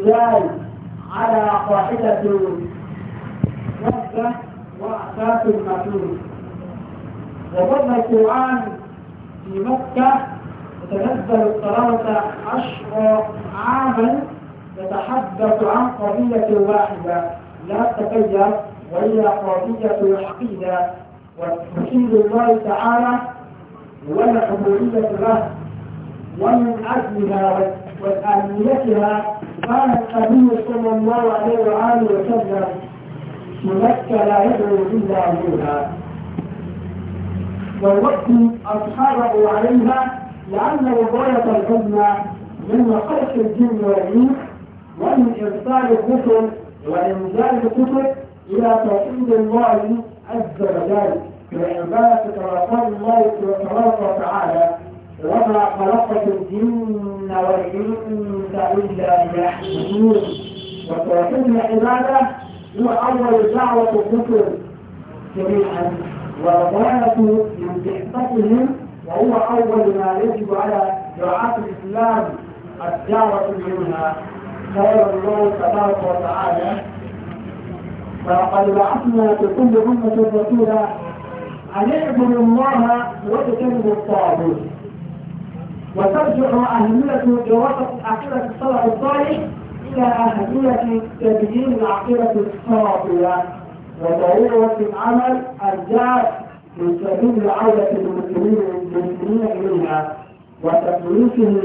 الرجال على قاعدة وحدة وأساس المسلول وظل القرآن في مكة يتنزل الصلاة عشر عاما يتحدث عن قضية واحدة لا تتغير وهي قضية العقيدة وتوحيد الله تعالى والعبودية له ومن أجلها وأهميتها قال النبي صلى الله عليه وآله وسلم ملك لا يدعو إلا أبوها ووقت أصحابه عليها لأن وقاية الحزن من خلق الجن والإنس ومن إرسال الكتب وإنزال الكتب إلى توحيد الله عز وجل وعبادة رسول الله تبارك وتعالى وما خلقت الجن والإنس إلا ليعبدون وتوحيد العبادة هو أول دعوة الكفر جميعا وغاية من تحتهم وهو أول ما يجب على دعاة الإسلام الدعوة منها قال الله تبارك وتعالى ولقد بعثنا في كل أمة رسولا أن اعبدوا الله واجتنبوا الطاغوت وترجع أهمية دراسة عقيدة الصلاة الصالح إلى أهمية تبيين العقيدة الصافية وضرورة العمل الجاد من سبيل عودة المسلمين إليها وتكليفهم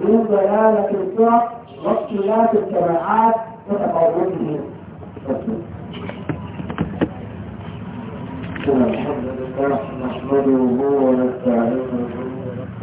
من ضلالة الفرق واختلاف الجماعات وتفاوتهم. الحمد لله نحمده ونستعينه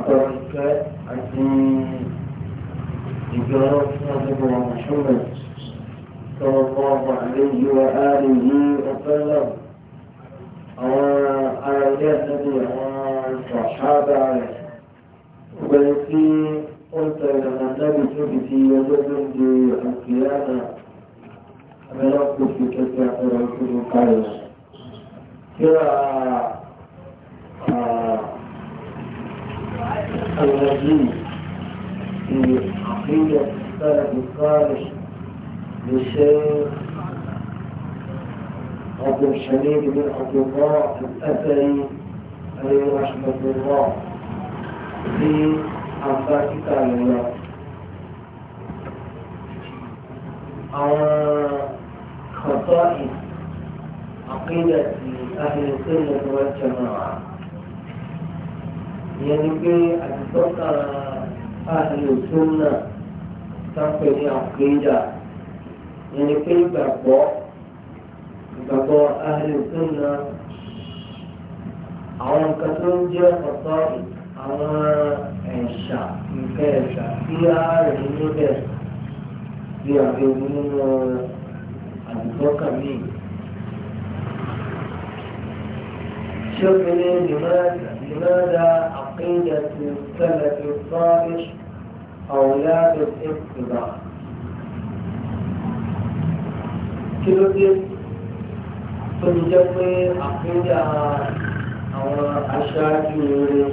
ọ̀rọ̀ ìfẹ́ àti ìgbọ́rọ̀ fún àdúgbò Muhammad sọ̀rọ̀ fún ọmọ àlejò ààrẹ yìí ọ̀fẹ́ náà àwọn ará ilé àtẹ́bí àwọn ṣàṣàbà rẹ̀ gbẹ̀rẹ̀ tí ó ń tẹ̀lé ọ̀nà náà tó fi di ọjọ́ tó ń di àkìyànà àbẹ́lọ́pọ̀ fi kẹ́kẹ́ àtọ̀rọ̀ ìfúnni kalẹ̀. الرجيم في عقيدة السلف الصالح للشيخ عبد الحميد بن عبد الله الأثري عليه رحمة الله في أنفاق كتاب الله خصائص عقيدة أهل السنة والجماعة ìyẹn ni pé àdìsọ́kà àlè òtún náà sáfẹ́ ní àkéjà ìyẹn ni pé ìgbàgbọ́ ìgbàgbọ́ àlè òtún náà àwọn nǹkan tó ń jẹ́ ọ̀tọ̀ àwọn ẹ̀ṣà nǹkan ẹ̀ṣà tí a rẹ̀ níbẹ̀ bí àbẹ̀wò nínú àdìsọ́kà míì. شوف لماذا لماذا عقيدة السلف الصالح أولاد الاتباع كل شيء تجمع عقيدة أو أشاكير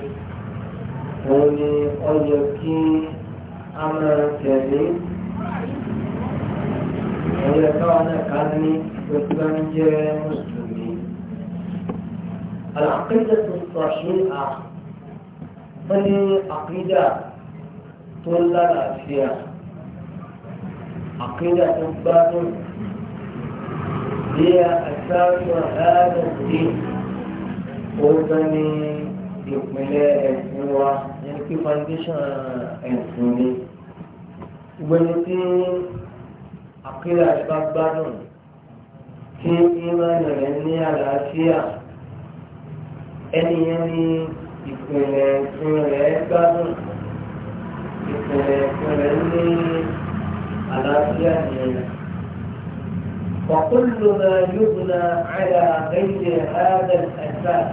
وني أيكي أمر كريم ويكون كريم وتنجي مسلمين العقيدة الصحيحة wọ́n ní àkídà tó lára àfíà àkídà tó gbádùn bí a àtàwọn àádọ́ sí ọ̀gbọ́n ní ìpínlẹ̀ ẹ̀sìn wa yẹn kí foundation ẹ̀sìn ni ìgbẹ́ni tí àkídà bá gbádùn tí ìmọ̀ rẹ̀ ní àlàáfíà ẹni yẹn ní ìpìlẹ̀ ẹ̀sìn rẹ̀ gbádùn ìpìlẹ̀ ẹ̀sìn rẹ̀ ní àlàáfíà yẹn. وكل ما يبنى على غير هذا الأساس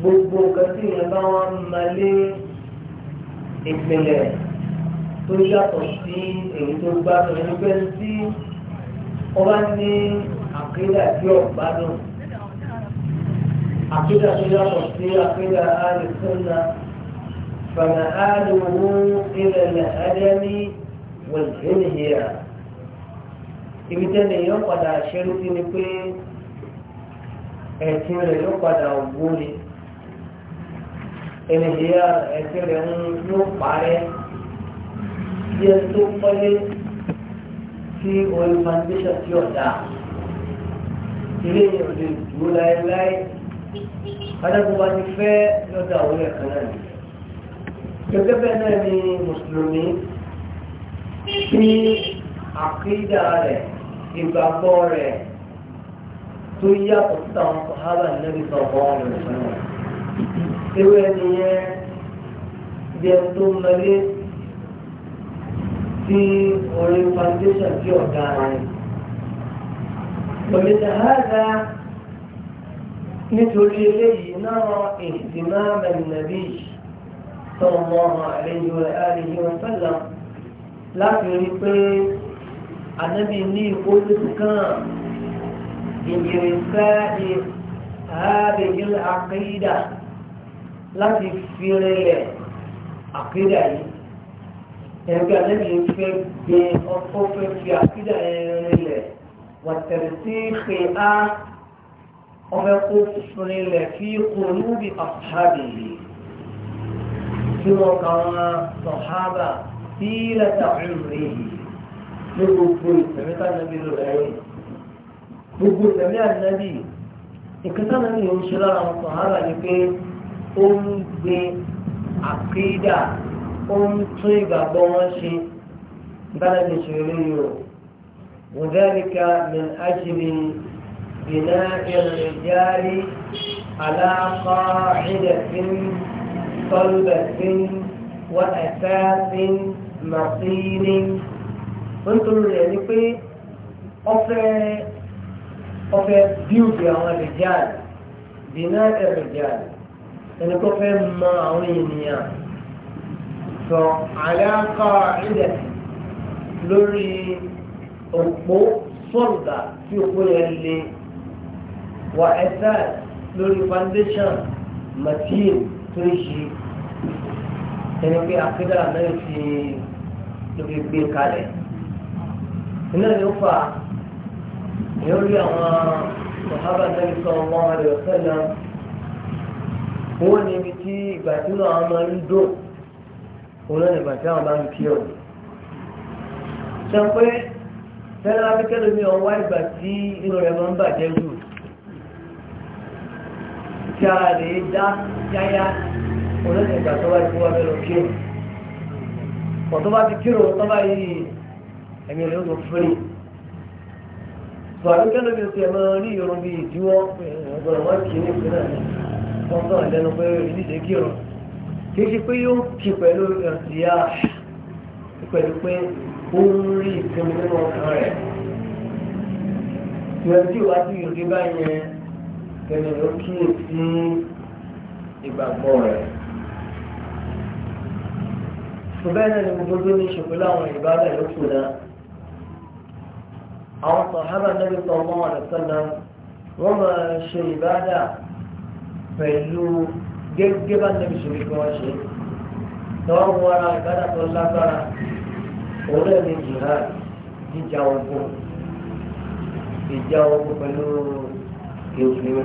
gbogbo kẹsí yẹn bá wọn máa lé ìpìlẹ̀ tó yàtọ̀ sí èyí tó gbádùn ẹni pé ń wọ́n bá ní àkílà tí ò عقيدة يقول في عقيدة أهل السنة فمآله إلى الأدم والإنهيار ibi tẹ́lẹ̀ yóò padà ṣerú sí ni pé ẹ̀sìn rẹ̀ yóò padà ògbóni ènìyà ẹ̀sìn rẹ̀ ń yóò parẹ́ díẹ̀ tó pẹ́lẹ́ sí orí foundation tí ọ̀dà ilé ìròyìn dúró láéláé adágún wa ti fẹ́ lọ́dọ̀ àwọn ẹ̀kan náà ni gẹ́gẹ́ bẹ́ẹ̀ náà ni mùsùlùmí tí àkídà rẹ̀ ìgbàgbọ́ rẹ̀ tó yàtọ̀ sí àwọn sàhábà nẹ́bí sọ̀rọ̀ ọ̀rọ̀ ìṣẹ̀lẹ̀ irú ẹni nítorí eléyìí náà ìsìmáàmù nàbí sallallahu alayhi wa alihi wa sallam láti rí pé ànábì ní ìfowópamọ́ kan ìgbèrèsá ààbẹ̀yìn àkídà láti fi rẹlẹ̀ àkídà yìí ẹ̀rọ̀gbẹ́ ànábì fẹ́ gbé ọkọ̀ fẹ́ fi àkídà yẹn rẹlẹ̀ wàtẹ̀rẹ̀ sí pé á ọmọ ẹkọ fúnilẹ̀ fi kòlú bí àfáàbì yìí tí wọ́n kà wọ́n sọ̀hábà sí lẹ́tà ìrìn yìí ní gbogbo ìtẹ̀mí tánàbí ló rẹ̀ gbogbo ìtẹ̀mí ànábì ìkẹtànàbí yóò ṣe lára wọn sọ̀hábà ni pé ó ń gbé àkídà ó ń tún ìgbàgbọ́ wọn ṣe ìbánadìṣẹ́ lórí o وذلك من أجل بناء الرجال على قاعدة صلبة وأساس مصير nítorí rẹ̀ ni pé ọfẹ́ ọfẹ́ bíúdì àwọn ẹ̀rẹ̀jáàlì dìná ẹ̀rẹ̀jáàlì ẹni tó fẹ́ mọ àwọn ènìyàn sọ àyàkọ́ ilẹ̀ lórí òpó sọ̀dà tí òpó yẹn le wà ẹ̀sà lórí foundation matin tó ń ṣe ẹni pé akédà náà fi lórí gbé kalẹ̀ iná ló fà yóò rí àwọn sọ̀hábà náà sọ ọmọ rẹ̀ ọ̀sẹ̀ náà wọ́n ní ibi tí ìgbà tí wọ́n máa ń dùn òun náà nígbà tí wọ́n bá ń kí ọ̀dùn sọ pé tẹ́lá bí kẹ́lómi ọwọ́ ìgbà tí inú rẹ̀ máa ń bàjẹ́ jù tí rẹ̀ dá yáyá olóṣèlú tó bá ti wá bẹ́ẹ̀ lọ kírun tó bá ti kírun tó bá yí ẹ̀mí rẹ̀ ó fúri tòwádìí kẹ́lẹ́ mi ti ẹ̀mọ rí irun bíi ìdíwọ́ ọ̀gbọ̀n wọn kì í ní ìpínlẹ̀ wọn sọ ìlẹ́nu pé ìdíje kírun kì ṣe pé yóò kí pẹ̀lú ìrìnàṣìyà pẹ̀lú pé ó ń rí ìpinnu nínú ọkàn rẹ̀ ìrìnàṣìyà wájú ìrìnàṣìyà báyẹn kẹ́ni ló kíyè sí ìgbàgbọ́ rẹ̀. ṣùgbọ́n ẹni gbogbo tó ní ṣe pẹ̀lú àwọn ìbára yòókù náà àwọn sàhábà Nábì sallallahu alaihi wasallam wọ́n máa ṣe ìbára pẹ̀lú gẹ́gẹ́ bá Nábì ṣe wípé wọ́n ṣe tọ́wọ́ wọ ara ìbára tó lágbára òun náà ní jihad jíjà ogun ìjà ogun pẹ̀lú ìròyìn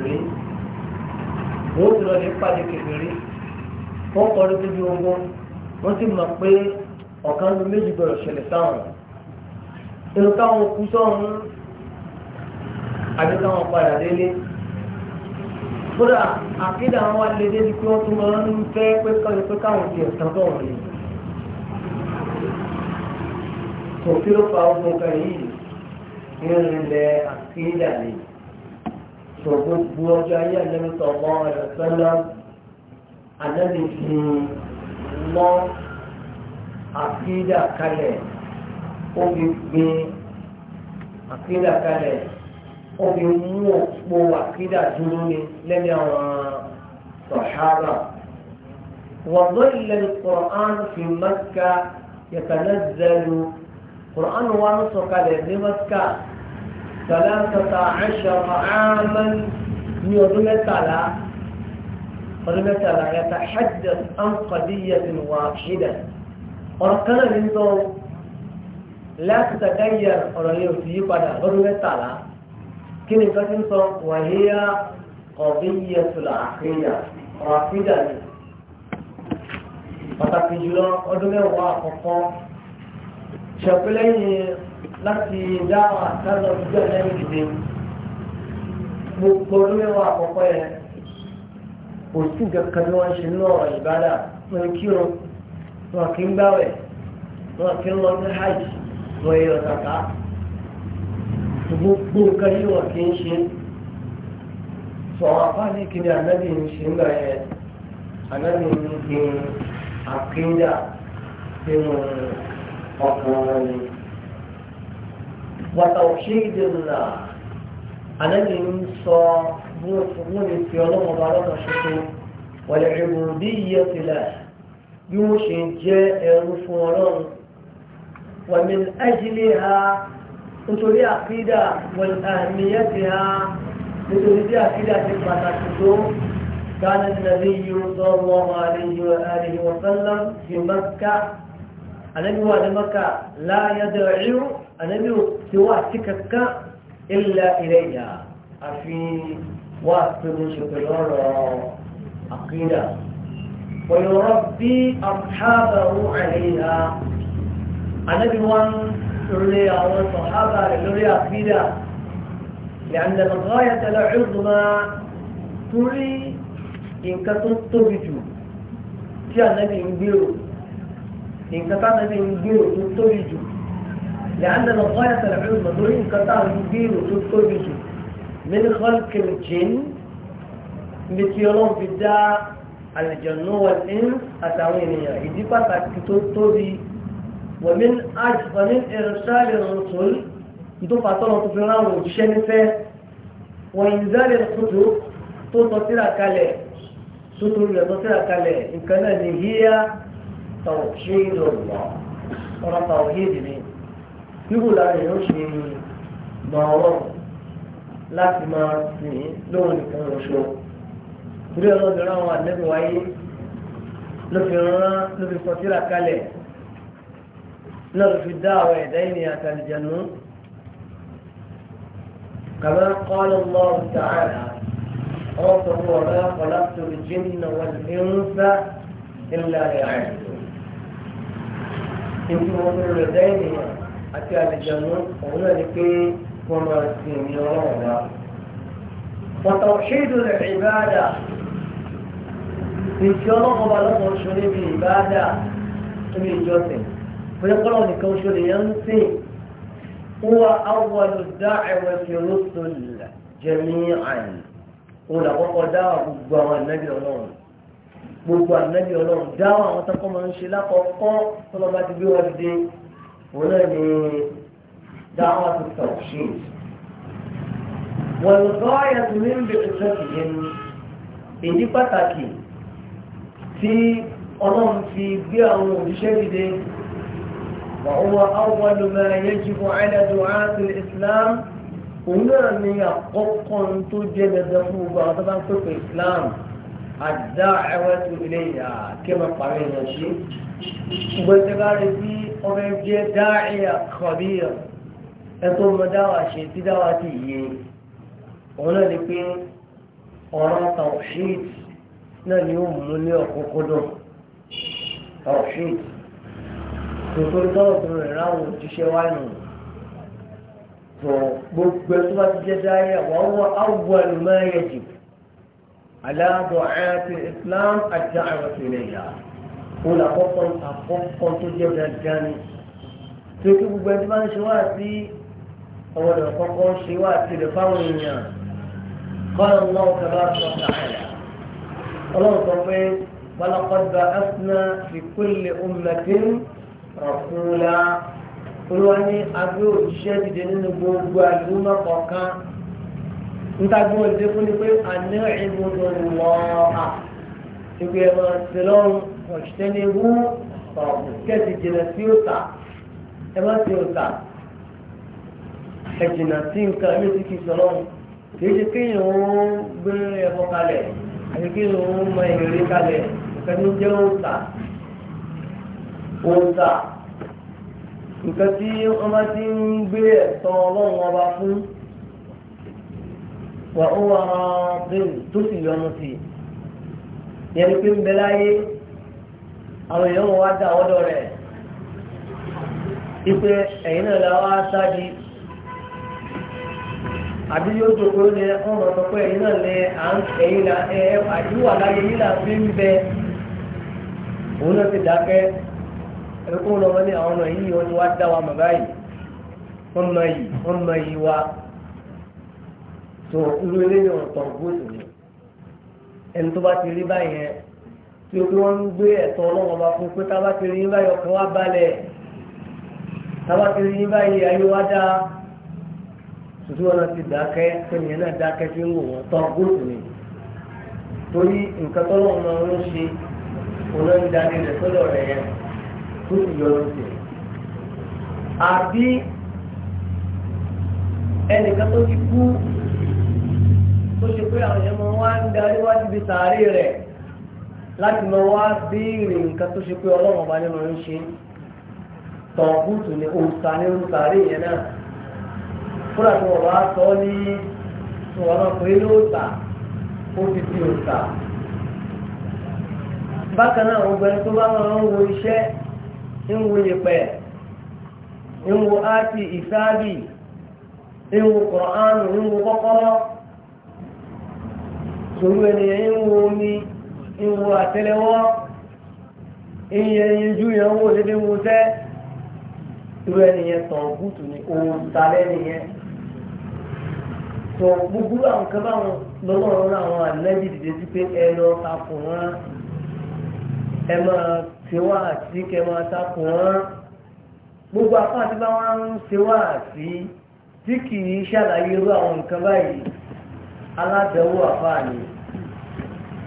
wọ́n ti lọ lè pàdé kékeré wọ́n kọ́ ló tóbi ogun wọ́n ti mọ̀ pé ọ̀kan ló méjì gbọ́dọ̀ ṣẹlẹ̀ sáwọn inú káwọn kú sọ́run àbí káwọn padà délé kódà àkéde àwọn alẹ́dé ni pé wọ́n tún máa ń fẹ́ pé káwọn pé káwọn ti ẹ̀sán sọ̀rọ̀ ni kò kí ló fa ogun kan yìí ń rìn lẹ àkéde àlejò sọ gbogbo ọjọ́ ayé àlẹ́mítọ̀ ọmọ ẹ̀rọ sẹ́lá àlẹ́mí fi mọ́ àkídà kalẹ̀ ó fi gbé àkídà kalẹ̀ ó fi mú òpó àkídà dúró ní lẹ́ni àwọn sọ̀hábà. وظل القرآن في مكة يتنزل قرآن وانسو قال لمكة sàlẹ́sàtà àṣà àmà ní ọdún mẹ́tàlá ọdún mẹ́tàlá yàtà hajjá àǹkọ̀díyà tí wà ṣídà ọ̀rọ̀ kan náà ní sọ láti tàkáyà ọ̀rọ̀ yóò fi yí padà lọ́dún mẹ́tàlá kí ni nǹkan ti ń sọ wàhíyá ọ̀bíyà tùlà àkíyà ọ̀rọ̀ àkíyà ni pàtàkì jùlọ ọdún mẹ́wàá àkọ́kọ́ ṣẹ̀pẹ́lẹ́yìn láti dáhùn àtàlọ ìjọ lẹ́yìn ìdè gbogbo olóyèwà àkọ́kọ́ yẹn kò sí kankan tí wọ́n ṣe ní ọ̀rọ̀ ìbádà wọn kí o wọn kì í gbáwẹ̀ wọn kì í lọ sí hajj wọn yọ kàkà gbogbo nǹkan yìí wọn kì í ṣe sọ̀rọ̀ apá ní ànábì ń ṣe ń gbà yẹn ànábì ń gbin àkíńdà nínú ọkùnrin. وتوحيد الله على ينسى هو في الله مبارك الشكور والعبودية له يوشي جاء رسولا ومن أجلها أنتم يا عقيدة والأهميتها أنتم يا عقيدة حكمة الشكور كان النبي صلى الله عليه وآله وسلم في مكة النبي وادي مكة لا يدعو النبي سوى سكك إلا إليها أفين واسط من شكرا عقيدة ويربي أصحابه عليها النبي وان سرلي أو الصحابة لوري عقيدة لأن الغاية العظمى تري إن كتبت بجو كان النبي يبيرك انقطعنا بين الجير والدكتور يجي لاننا غايه العلم دول انقطعنا بين الجير والدكتور يجي من خلق الجن مثيرون في الداع الجن والانس اتاويني يجي فقط كتب ومن اجبر ارسال الرسل يدو فاتورة تفرعون وشيني فيه وإنزال الكتب تو تطير كالي تو تطير كالي إن كان هي توحيد الله ọ̀rọ̀ tàwíìdì ni irú lára èèyàn ṣe mọ̀ọ́rọ̀ láti máa sìn lóhun nìkan ṣoṣo torí ọlọ́dún àwọn àdébù wáyé ló fi rán ló fi sọ síra kalẹ̀ náà ló fi dá àwọn ẹ̀dá ènìyàn àtàlìjẹ̀nú كما قال الله تعالى ربه وما خلقت الجن والإنس إلا ليعبدون èyí wọn fẹ́ rẹ̀ dá ènìyàn àti àlejànú òun náà ni pé wọ́n máa sin ní ọlọ́run wa. pọ̀tà òṣèlú rẹ̀ ìbáàdà ìṣe ọlọ́run wa lọ́kọ̀ oṣù níbi ìbáàdà níbi ìjọsìn bóyá kọ́lọ́ nìkan oṣù lè yẹn ń sìn. هو أول الدعوة الرسل جميعا ولا وقدا أبو النبي الله gbogbo ànábì ọlọ́run dáwọ́ àwọn tó kọ́ máa ń ṣe lákọ̀ọ́kọ́ tó lọ́ba ti gbé wọn dìde wọn náà ní dáwọ́ tó tọ̀ ṣe. wọ́n lọ́ yàtọ̀ ní ń bẹ̀rẹ̀ sọ́ọ̀kì yẹn ni èyí pàtàkì tí ọlọ́run fi gbé àwọn òṣìṣẹ́ dìde وهو أول ما يجب على دعاة الإسلام òun náà ni àkọ́kọ́ tó jẹ́ dandan fún gbogbo àwọn tó bá ń pèpè Islam àdáwẹ́tò ilé ìyá kí wọ́n parí èèyàn sí gbẹ́sẹ̀bá rẹ̀ sí ọmọ ẹgbẹ́ dáìyà kọ̀bíyà ẹ̀tọ́ ọmọ dáwà ṣe tí dáwà ti yé òun náà ni pé ọ̀rọ̀ tawhid náà ni ó mú ní ọ̀kọ́kọ́dọ̀ tawhid tòkòrò tọ́lọ̀ tó rẹ̀ ráwọ̀ òjíṣẹ́ wá nù tó gbogbo ẹ̀ tó bá ti jẹ́ dáìyà wọ́n wọ́n áwùgbọ́ ẹ̀ lọ́mọ ẹ̀yẹ jù على دعاة الإسلام الدعوة إليها ولا قطن أقطن تجيب الجاني تكتب بجمان شواتي أو قطن شواتي لفاولنا قال الله تبارك وتعالى الله تبارك ولقد بعثنا في كل أمة رسولا قلوا أني أبيو الشديد لنبوغ وعلومة وكان ntagbó ọdẹ fún ni pé àná ìbùdó lọ́ọ̀à ìgbé ẹ̀rọ ṣẹlọ́run ọ̀ṣẹ́ni wú ọ̀hún kẹ́sì jìnnà sí òòtà ẹ má sí òòtà ẹ jìnnà sí nǹkan ẹ̀mí tí kì í sọlọ́run kì í ṣe kéèyàn ó gbé ẹ̀fọ́ kalẹ̀ àti kéèyàn ó mọ ìrírí kalẹ̀ nǹkan ní jẹ́ òòtà òòtà nǹkan tí wọ́n ti ń gbé ẹ̀tọ́ ọlọ́run ọba fún. wa ó wà bẹ́ẹ̀ tó sì yọnu sí i yẹni pé ń bẹ láyé àwọn èèyàn wọn wá dá ọ̀dọ̀ rẹ̀ ipe náà la wá sáájú àbí yóò ní ọmọ náà à ń ẹ láyé yìí là fi ń bẹ òun náà ti ní àwọn yìí wá dá wa báyìí mọ yìí mọ yìí wa. tó irú eléyìí ọ̀tọ̀ ni ẹni tó bá ti rí báyẹn tí o bí wọ́n ń gbé ẹ̀tọ́ ọlọ́wọ́n bá fún pé tábà ti rí yín báyìí ọkàn wá balẹ̀ ti rí yín báyìí ayé wá dáa tutu wọn ti dákẹ́ yẹn náà dákẹ́ fi ń wò ni torí nǹkan tó lọ́wọ́ máa ń ṣe olórí dání rẹ̀ sọ́dọ̀ rẹ̀ yẹn tó sì yọ àbí ẹnìkan tó ti kú pé àwọn èèyàn máa wá ń darí wá síbi sàárè rẹ̀ láti máa wá béèrè nǹkan tó ṣe pé ọlọ́run ọba nínú ń ṣe tọ̀ọ̀kùtù ní òòsà ní sàárè yẹn náà fúnra tí wọ́n wá sọ ní ọ̀rọ̀ pé lóòsà ó ti fi òòsà bákan náà gbogbo ẹni tó bá máa ń wo iṣẹ́ ń wo ń wo sòrú ẹnìyẹn ń wo omi ń wo àtẹ́lẹwọ́ iye yinjú yẹn ń wo dédé ń wo sẹ irú ẹnìyẹn tàn bùtù ni òun ta lẹnìyẹn tó gbogbo àwọn kan báwọn lọ́wọ́ rán àwọn àlẹ́jì dìde sí pé ẹ lọ takùn wọn ẹ máa ṣe wá àti kẹ máa takùn wọn gbogbo apá àti báwọn ń ṣe wá àti tí kì í ṣàlàyé irú àwọn nǹkan báyìí aládẹ́wò àfáà ni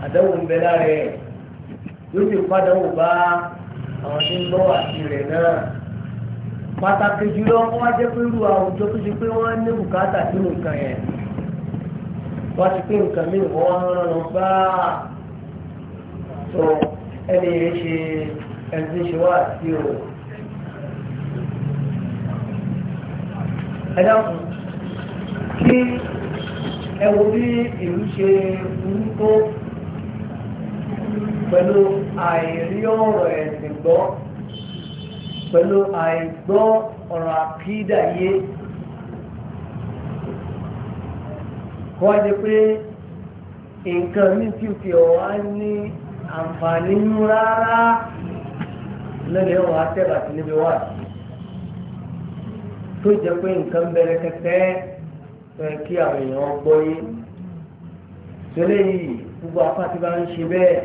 àdáwò ń bẹ lára ẹ̀ yóò sì pàdáwò bá àwọn tí ń lọ́wọ́ àti rẹ̀ náà pàtàkì jùlọ wọn wá jẹ́ pé irú àwùjọ tó ṣe pé wọ́n ní bùkátà sínú nǹkan yẹn wọ́n ti pé nǹkan mi wọ́n wá rán lọ bá tó ẹni yẹn ṣe ẹni tí ń ṣe wá sí o. ẹ dákun kí ẹ wo bí ìlú ṣe burú tó pẹ̀lú àìrí ọ̀rọ̀ ẹ̀sìn gbọ́ pẹ̀lú àìgbọ́ ọ̀rọ̀ àkídà yé kọ́ ẹ́ pé nǹkan ní tí o fi ọ̀wá ní àǹfààní mú rárá lẹ́lẹ̀ ọ̀rọ̀ àtẹ́bà sí níbi wà tó jẹ́ pé nǹkan bẹ̀rẹ̀ kẹtẹ́ ẹ̀ kí àwọn èèyàn gbọ́ yé tẹ́lẹ̀ yìí gbogbo apá ti bá ń ṣe bẹ́ẹ̀.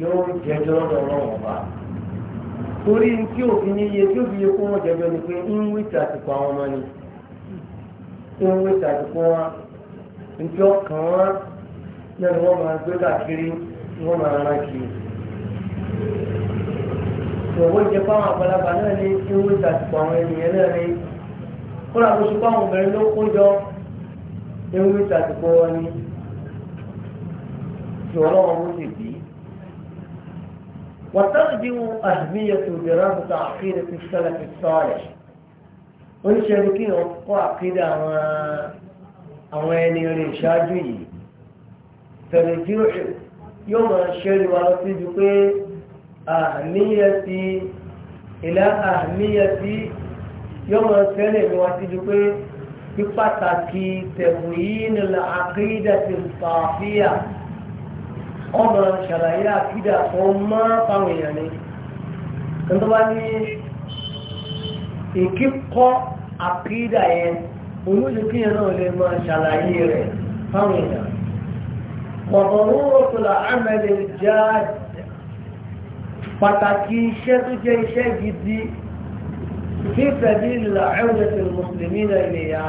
yóò jẹjọ lọ́dọ̀ ọlọ́run ọba torí tí òfin ní iye tí òfin yẹ kó wọn jẹjọ ni pé ń wí tàtìkọ ni ń wí wọn nítí ọkàn wọn náà ni wọn máa gbé káàkiri wọn máa rán kiri ìwọ jẹ fáwọn àgbàlagbà náà ń wí àwọn ènìyàn náà kóra kó obìnrin ló kó jọ ń ni wọn وتخدم أهمية دراسة عقيدة السلف الصالح oníṣẹ́lùkí ọkọ̀ àkídà àwọn ẹni rìn ṣáájú yìí tẹ̀lẹ̀dí yóò máa ṣẹ́lù wa lọ́sí ju pé àmìyàtí ìlà àmìyàtí yóò máa ṣẹlẹ̀ ní wa sí ju pé pípàtàkì tẹ̀wù yìí nílà àkídà ti fàáfíà ọmọ ṣàlàyé àkídà tó má fáwọn èèyàn ni tó bá ní ìkíkọ́ àkídà yẹn olóṣèkíyàn náà lè máa ṣàlàyé rẹ̀ fáwọn èèyàn وضرورة العمل الجاد pàtàkì iṣẹ́ tó jẹ́ iṣẹ́ gidi fífẹ̀dí ìlà ẹ̀rùnẹ̀tẹ̀ mùsùlùmí náà ìlẹ̀yà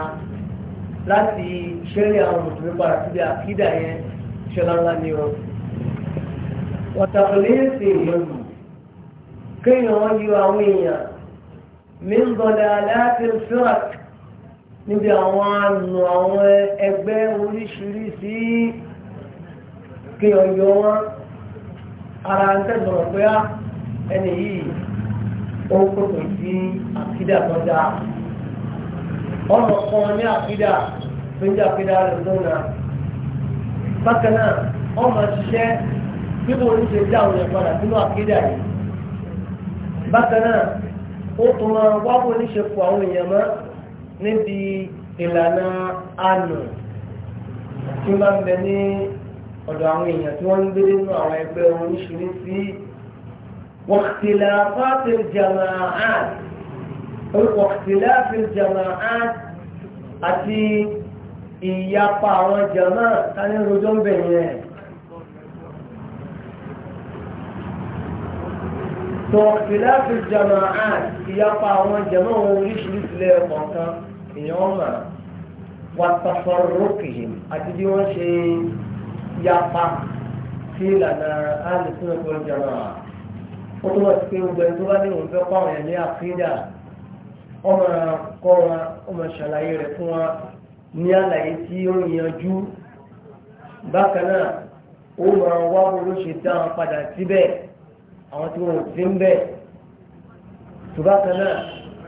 láti ṣẹ́rí àwọn mùsùlùmí padà síbi àkídà yẹn ṣẹlá ńlá ní ọdún وتغليظهم كي يوجهوية من ضلالات الفرق níbi àwọn ànù àwọn ẹgbẹ́ oríṣiríṣi kí ọyọ wọn ara ń tẹ́sọ̀rọ̀ pé á ẹni yìí ó kòtò sí àkídà tó dáa kan ní àkídà tó rẹ̀ lónà bákan ọmọ ṣiṣẹ́ bí mo ń ṣe dá òun yẹn padà nínú àkédà yìí bákan náà ó tún máa wá bó ní ṣe fọ àwọn èèyàn mọ́ níbi ìlànà àná tí ó máa ń bẹ ní ọ̀dọ̀ àwọn èèyàn tí wọ́n ń gbé nínú àwọn ẹgbẹ́ oríṣiríṣi واختلافات الجماعات واختلاف الجماعات àti ìyapa àwọn jama tani rojọ́ ń bẹ̀yẹn tó ìlàfi jama àn ìyapa àwọn jama wọn oríṣiríṣi lẹ́ẹ̀kọ̀ọ̀kan èèyàn mà wàtàfọ̀rọ̀kì àti bí wọ́n ṣe yapa sí ìlànà àlùfíà tó jama ó tó wà sí pé gbogbo ẹni tó bá ní òun fẹ́ pàwọn ẹ̀ ní àfíìdà ọmọ kọ́ wọn ọmọ ṣàlàyé rẹ̀ fún wọn ní àlàyé tí ó yanjú bákan náà ó máa wá olóṣèlú táwọn padà síbẹ̀ àwọn tí wọn ò sí ń bẹ ṣùgbọ́n kan náà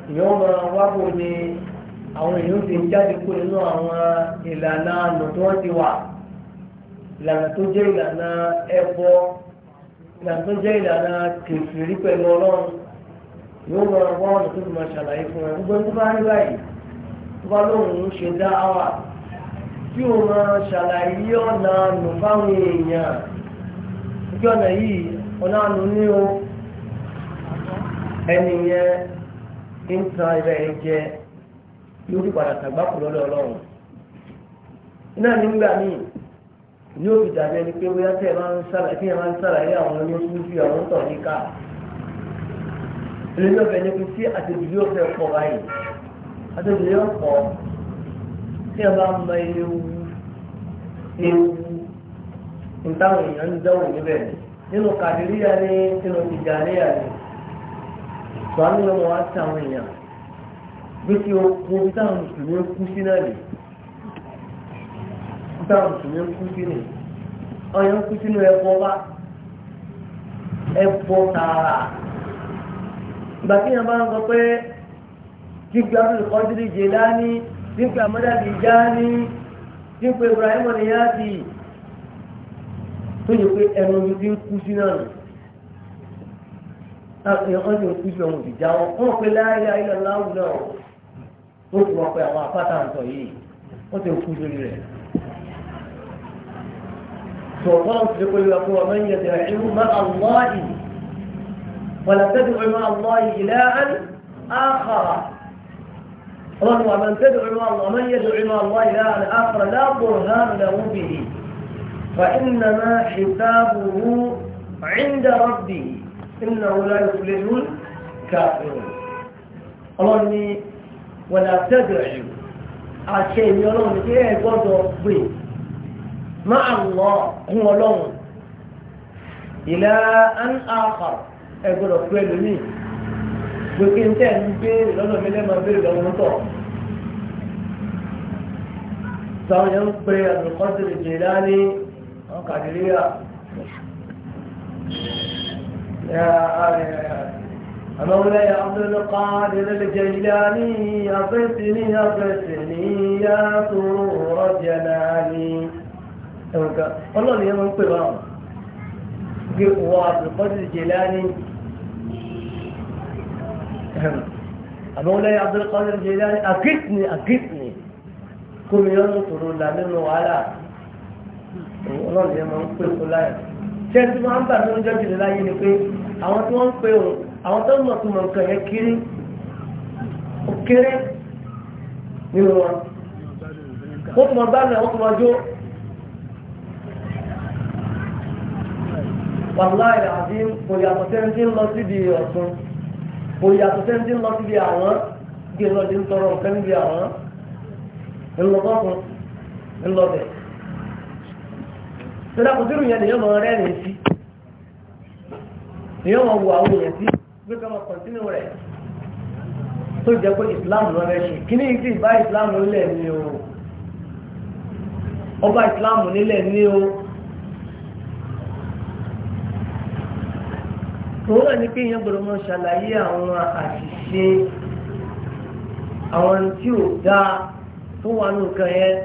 ìyẹn wọn máa wá bò ní àwọn èèyàn ti ń jáde kó nínú àwọn ìlànà àná tí wọ́n ti wà ìlànà tó jẹ́ ìlànà ẹbọ ìlànà tó jẹ́ ìlànà kèfèrí pẹ̀lú ọlọ́run yóò máa wá ọ̀nà tó fi máa ṣàlàyé fún ẹ gbogbo tó bá rí báyìí tó bá lóun ń ṣe dá àwà tí ó máa ṣàlàyé ọ̀nà àná fáwọn èèyàn ìjọ́nà yìí ọlọ́run ní o ẹni yẹn ń tan ibẹ̀ yẹn jẹ yóò fi padà tàgbákù lọ́dọ̀ ọlọ́run náà nígbà míì ní òbí dàbí ẹni pé bóyá tẹ́ ẹ máa ń sára kí ẹ máa ń sára ilé àwọn oníṣòwò fi àwọn tọ̀ ní ká èlé lọ́fẹ̀ẹ́ ní pé ewu ewu ní èèyàn ń dáwọ̀ níbẹ̀ ni. nínú kàdíríyà ní nínú tìjàníyà ní ìtọ́ni lọ́mọ wá sí àwọn èèyàn bí kí o kú bí táwọn mùsùlùmí kú sí náà nì bí táwọn mùsùlùmí kú sí nì ọyàn kú sínú ẹbọ bá ẹbọ tààrà ìgbà tí yẹn bá ń sọ pé gbígbà bí kọ́ndírì jẹ dání gbígbà mọ́dàbí já ní gbígbà Ibrahim ọ̀nìyàn ti tó yẹ pé ẹnu ibi tí ń kú sí náà nù wọ́n ti ń kú sí ọmọ ìjà wọn wọ́n pe láyé ayé aláwù náà wọ́n ti wọ́n pe àwọn apáta àǹtọ̀ yìí wọ́n ti kú lórí rẹ̀. سلطان تقول لك ومن يدعو مع الله ولا تدع مع الله إلها آخر ومن تدع مع الله من يدعو مع الله إلها آخر لا برهان له به فإنما حسابه عند ربه إنه لا يفلح الكافرون الله إني ولا تدعي عشان يرون إيه قدر بي مع الله هو لون إلى أن آخر يقول أقول لي وكنت أنبير لأنه من لما أنبير لأنه طور سوف ينبري القدر الجيلاني قادرية يا مولاي عبد القادر الجيلاني أغثني أغثني يا سرور جناني الله لي من قرام وعبد القادر الجيلاني مولاي عبد القادر الجيلاني أغثني أغثني كل يوم تقول لا منه ọlọ́run yẹn máa ń pè fún láyà ṣé tí wọ́n á ń bà tó ń jọ́ jùlọ láyé ni pé àwọn tí wọ́n ń pè òun àwọn tó ń mọ̀ tó mọ̀ nǹkan yẹn kiri ó kéré nínú wọn ó tún mọ báàmì àwọn tó mọ jó wàláì àti kò yàtọ̀ sẹ́ni tí ń lọ síbi ọ̀tún kò yàtọ̀ sẹ́ni tí ń lọ síbi àwọn gbé lọ́dún tọrọ nǹkan níbi àwọn ńlọ́kọ̀ọ̀kan ńlọ́bẹ̀ẹ́ sọ́dá kò sírù yẹn nìyẹn mọ̀ rẹ́rìn sí nìyẹn mọ̀ wọ àwọn èèyàn sí pé ká máa kọ̀ntínú rẹ̀ tó jẹ́ pé Islam lọ rẹ̀ ṣe kí ní ìsì bá Islam nílẹ̀ ni o ọba Islam nílẹ̀ ni o òun náà ní pé èèyàn gbọ́dọ̀ mọ̀ ṣàlàyé àwọn àṣìṣe àwọn tí ò dáa tó wà ní nǹkan yẹn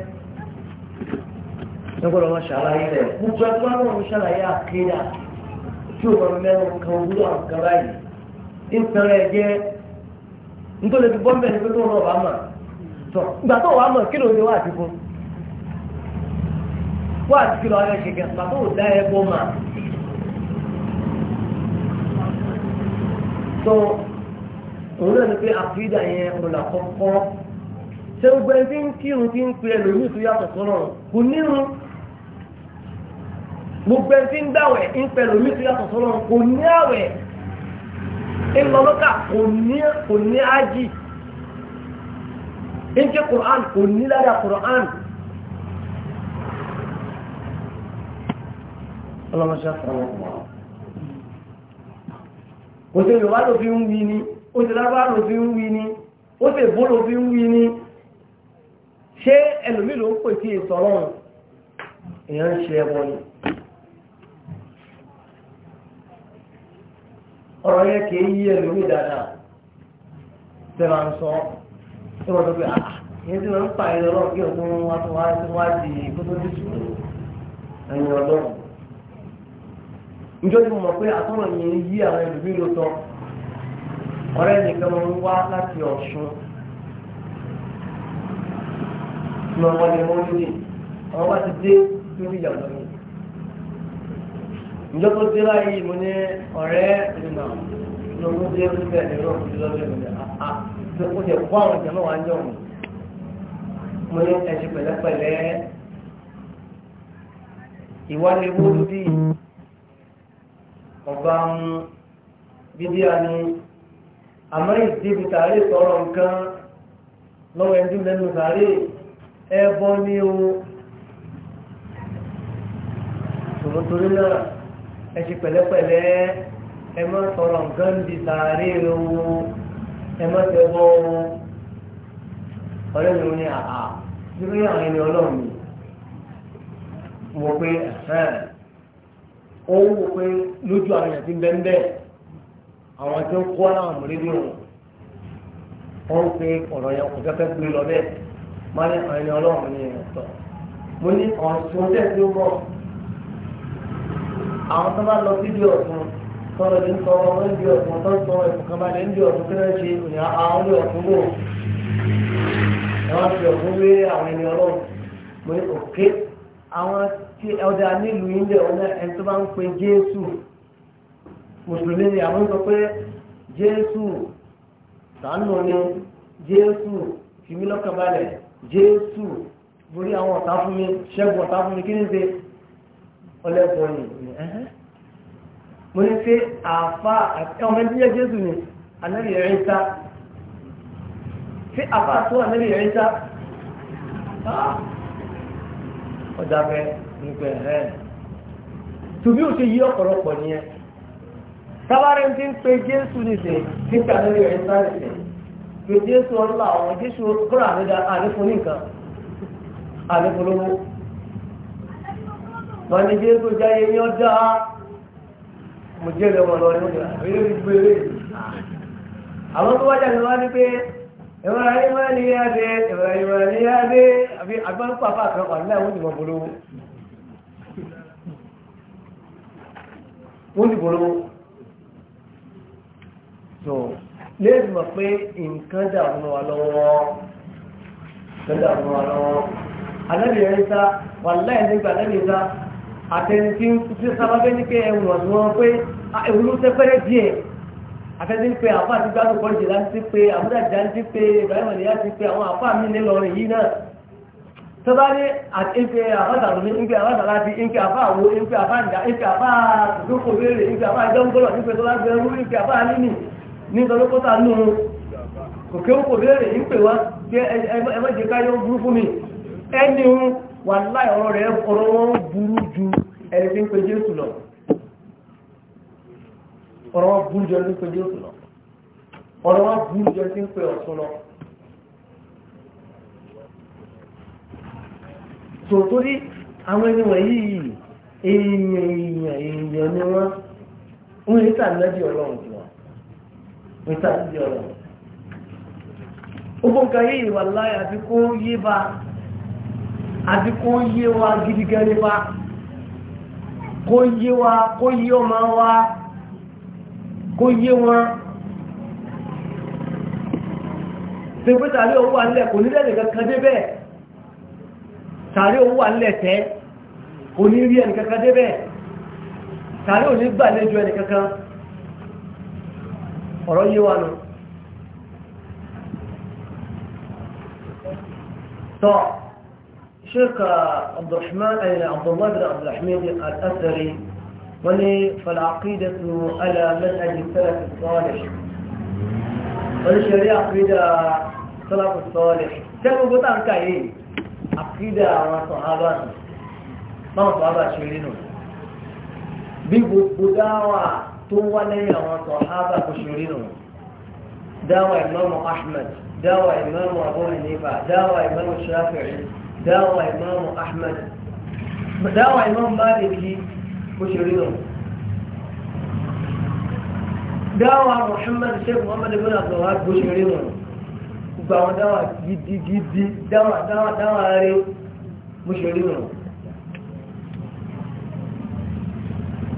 gbọ́dọ̀ wọn ṣàlàyé rẹ̀ gbogbo ẹgbẹ́ wọn wọn ṣàlàyé àkéyà tí o wọn mẹ́rin kan wúlò àǹkan báyìí ìtẹ̀rẹ̀ jẹ́ nítorí ti bọ́m̀bẹ̀ ni pé tó náà wàá mà tọ́ ìgbà tó wàá mà kí ló ń wá àti fún wá àti kí ló wá ṣe gẹ̀ pàtó ò dá ẹbọ mà tó òun náà ni pé àfíìdà yẹn mo là kọ́kọ́ ṣé gbogbo ẹni tí ń kírun tí ń pe ẹlòmíì tó yàtọ̀ kò nírun gbogbo ẹni tí ń gbàwẹ̀ ń pẹ̀lú mi ti yàtọ̀ sọ́lọ́ kò ní àwẹ̀ ń kò ní ájì ń ké Qur'an kò ní lára Qur'an ọlọ́mọṣẹ́ fọwọ́ kò sí Yorùbá ló fi ń wí ni ó sì lábá ló fi ń wí ni ó sì bó ló fi ń wí ni ṣe ẹbọ ni. ọ̀rọ̀ yẹn kì í yí ẹlòmí dáadáa tẹ́ máa ń sọ tí wọ́n tó pé ah yẹn tí wọ́n ń pa ẹ̀rọ kí ọ̀gbọ́n wá tó wá tó wá di kó tó di sùúrù ẹ̀yìn ọlọ́run. njọ́ tí mo mọ̀ pé àtọ́nà yẹn yí àwọn ẹlòmí ló tọ́ ọ̀rẹ́ nìkan máa ń wá láti ọ̀ṣun lọ́wọ́ ni wọ́n lóye àwọn bá ti dé lórí ìyàwó mi ìjọ tó dé báyìí mo ní ọ̀rẹ́ ìrìnà ló dé rúbẹ̀ ní ah, ah, àmọ́ ìdíbi tààrí sọ̀rọ̀ nǹkan lọ́wọ́ ẹni lẹ́nu tààrí ẹbọ ní o tòrótòrí náà ẹ ṣe pẹ̀lẹ́pẹ̀lẹ́ ẹ má sọ̀rọ̀ nǹkan di sàárè o ẹ má tẹ bọ́ o ọlọ́run ní àhà nígbà yàrá ẹni ọlọ́run mi wọ pé ó wọ pé lójú àwọn èèyàn ti ń bẹ́ẹ̀ bẹ́ẹ̀ àwọn tó ń kọ́ láwọn mọ̀lẹ́bí wọn ó ń pe ọ̀rọ̀ yẹn kò fẹ́fẹ́ gbé lọ bẹ́ẹ̀ má ní àwọn ẹni ọlọ́run ní ẹ̀ tọ́ mo ní ọ̀sùn tẹ̀sí àwọn tó bá lọ fídíò ọ̀tún tọ́lọ̀ ní sọ ọmọ ìdí ọ̀tún tó ń sọ ẹ̀sùn kan balẹ̀ ìdí ọ̀tún kí náà ṣe ìyá àwọn ìdí ọ̀tún wò ẹ̀wọ̀n fi ọ̀tún wé àwọn ẹni ọlọ́run mo ní òkè àwọn tí ọ̀dà nílùú ilé ọ̀nà ẹni tó bá ń pe Jésù mùsùlùmí ni àwọn sọ pé Jésù ṣàánú ni Jésù fi lọ́kàn balẹ̀ Jésù borí àwọn ọ̀tá fún mi ṣẹ́gun ọ̀tá fún mi kí ni ṣe ọlẹ́bọ̀ ni mo ní pé àfá ọmọ ẹgbẹ́ jésù ni anábì ẹ̀rin sá sí àfá tó anábì ẹ̀rin sá ọjà ah. fẹ́ nípa ẹ̀rẹ́ tùbí ò ṣe yí ọ̀pọ̀lọpọ̀ nìyẹn tábàárẹ̀ ti ń pe jésù nìṣẹ́ sí anábì ẹ̀rin sá nìṣẹ́ pé jésù ọlọ́lá àwọn jésù kúrò àrídà àrífún nìkan àrífún lówó wọn ní jésù jáde ní ọjà mo jẹ́ ẹ̀rọ wọn lọ ní ọjà eré gbére àwọn tó wájà ní wọn ní pé ẹ̀rọ ayé wọn ní yá dé ẹ̀rọ ayé wọn ní yá dé àbí agbọ́nùpá fà kan wà nílẹ̀ wọ́n ti mọ̀ bolówó wọ́n ti bolówó tó léèdì mọ̀ pé nǹkan dàrú wa lọ́wọ́ nǹkan dàrú wa lọ́wọ́ alẹ́ nìyẹn ń sá wàlẹ́ nígbà alẹ́ nìyẹn ń sá àtẹnití ń fi sábàbẹ́ ní pé ẹ̀wọ̀n ọ̀sùn wọn pé ẹ̀wọ̀n ló tẹ́fẹ́rẹ́ díẹ̀ àtẹnití ń pe àfa àti gbàgbọ́ kọ́lẹ́jì láti pé àmúdàjà ń ti pé Ibrahim àlẹ́yà ti pé àwọn àfa mi nílọrin yìí náà tọ́ba ní àtẹ̀pẹ́ àbádàlómi ńpẹ́ àbádàláti ńpẹ́ àbáwo ńpẹ́ àbáǹdà ńpẹ́ àbáàdókò béèrè ńpẹ́ àbáàdókòlọ̀ ńpẹ́ tọ́lá gbẹrú ńpẹ́ àbáàlínì ní tọ́lọ́kọ́tà nù kòkè òkò béèrè ńpẹ́ wa jẹ́ ẹgbẹ́jẹ̀ká yóò burú fún mi ẹni ń wà láì ọ̀rọ̀ rẹ̀ ọ̀rọ̀ wọn burú ju ẹni tí ń pe jésù lọ ọ̀rọ̀ wọn burú ju ẹni tí ń pe jésù lọ ọ̀rọ̀ wọn burú ju ẹni tí ń pe ọ̀tún lọ. tòótórí àwọn ẹni wọ̀nyí yìí èèyàn èèyàn èèyàn ni wọ́n ń rí sàlẹ́bí ọlọ́run tí wọ́n ń sàlẹ́bí ọlọ́run. ó gbọ́n kan yìí wà láì àti kó yé bá a àti kó yé wa gidi gan nípa kó yé wa kó yé ọmọ wa kó yé wọn tẹgbẹ́ tàbí owó alẹ́ kò ní lẹ́nìí kankan débẹ̀ tàbí owó alẹ́ tẹ́ kò ní rí ẹnì kankan débẹ̀ tàbí ò ní gbàlejò ẹnì kankan ọ̀rọ̀ yé wa nù tọ́ الشيخ عبد الرحمن عبد الله بن عبد الحميد الأثري ولي فالعقيدة على منهج السلف الصالح والشريعة عقيدة السلف الصالح كانوا قطع كاين عقيدة مع صحابات مع صحابة شيرينون بيبو دعوة تواني مع صحابة شيرينون دعوة إمام أحمد دعوة إمام أبو حنيفة دعوة إمام الشافعي dáwà ìmáàmù Ahmad dáwà ìmáàmù Málìkì bó ṣe rí náà dáwà Muhammad Sheikh Muhammad ibn Abdulwahab bó ṣe rí náà gbogbo àwọn dáwà gidigidi dáwà dáwà dáwà rí bó ṣe rí náà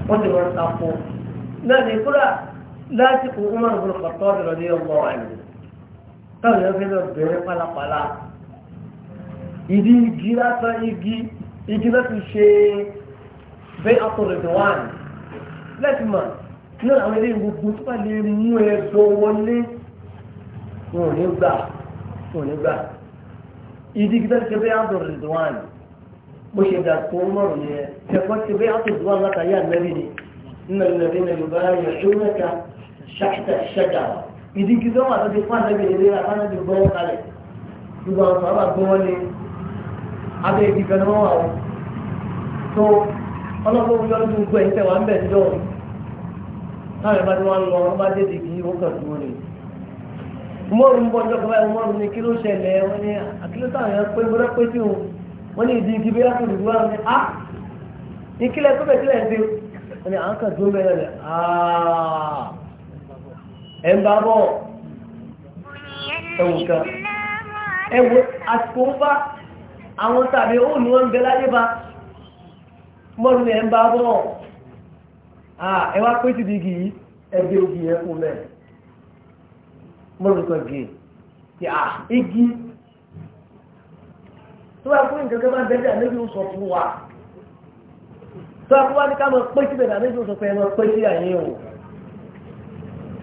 wọ́n ti wọ́n tako náà ní kúrà láti kò Umar ibn Khattab radiyallahu anhu táwọn èèyàn fẹ́ lọ bẹ̀rẹ̀ pálapàla ìdí igi lásán igi igi náà ti ṣe bẹ́ẹ̀ àtọ̀rẹ̀dẹ̀ wà ní lẹ́tìmọ̀ ní àwọn ilé gbogbo tó bá lè mú ẹ̀dọ̀ wọlé wọn ò ní gbà wọn ò ní gbà ìdí igi náà ti ṣe bẹ́ẹ̀ àtọ̀rẹ̀dẹ̀ wà ní bó ṣe dà tó mọ̀rọ̀ yẹn tẹ̀kọ́ ti bẹ́ẹ̀ àtọ̀rẹ̀dẹ̀ wà látàrí ànábì ni nínú ìlẹ̀dẹ̀ náà yorùbá yẹ ṣúnẹ́ka ṣàkítà ṣẹ́gà ìdí igi náà wà tó fún ànábì abẹ́ ibi kan ni wà ó tó ọlọ́gbọ́n yọ ní gbogbo ẹ̀yìn tẹ̀wá ń bẹ̀ jọ táwọn ìbá tí wọ́n lọ wọ́n bá dédé kí kàn ń ọjọ́ báyìí ni kí ló ṣẹlẹ̀ wọ́n ní táwọn pé bọ́dá pé sí ní ìdí igi bí àwọn tàbí ó ní wọ́n ń bẹ láyé bá mọ́rún ní ẹ̀ ń bá bọ́ ẹ wá pé síbi igi yìí ẹgbẹ́ igi yẹn mẹ́ mọ́rún kan gé yà igi tó wá fún nǹkan kan bá ń bẹ́ẹ̀ àlejò sọ fún wa tó wá fún wa ní ká mọ pé síbẹ̀ àlejò sọ fún ẹ mọ pé sí àyè o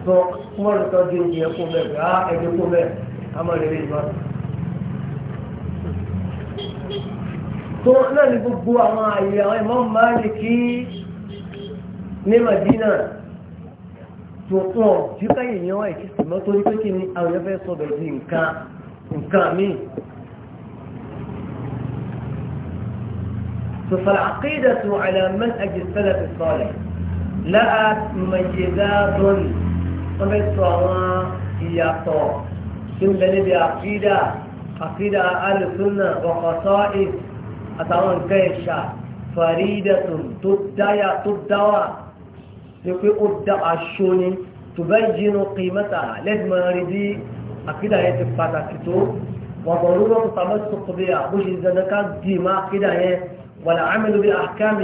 sọ mọ́rún kan gé igi yẹn kú mẹ́ tó náà ní gbogbo àwọn àyè àwọn Imam Maliki ní Madina tó pọ̀ jù káyè yẹn wáyé kí sèmọ́ tó ní pé kí ni àwọn yẹn fẹ́ sọ bẹ̀rẹ̀ sí nǹkan nǹkan míì. فالعقيدة على منهج السلف الصالح láà mọ̀jẹ̀dáàdùn wọ́n bẹ́ sọ àwọn ìyàtọ̀ tí ń bẹ níbi àkídà àkídà alùsùnà ọ̀kọ̀tọ́ ìsì àtàwọn nǹkan ẹ̀ṣà fàrídẹ̀tùn tó dáyà tó dáwà ní pé ó dá aṣọ ni tó bẹ́ jínú kìímẹ́ta lẹ́gbẹ̀mọ́ rí bí àkídà yẹn ti pàtàkì tó wọ́n bọ̀ rúbọ̀ tó sàmọ́ tó kò bí àbúṣe ìdáná ká dì má àkídà yẹn wọ́n àmìlú bí àkámi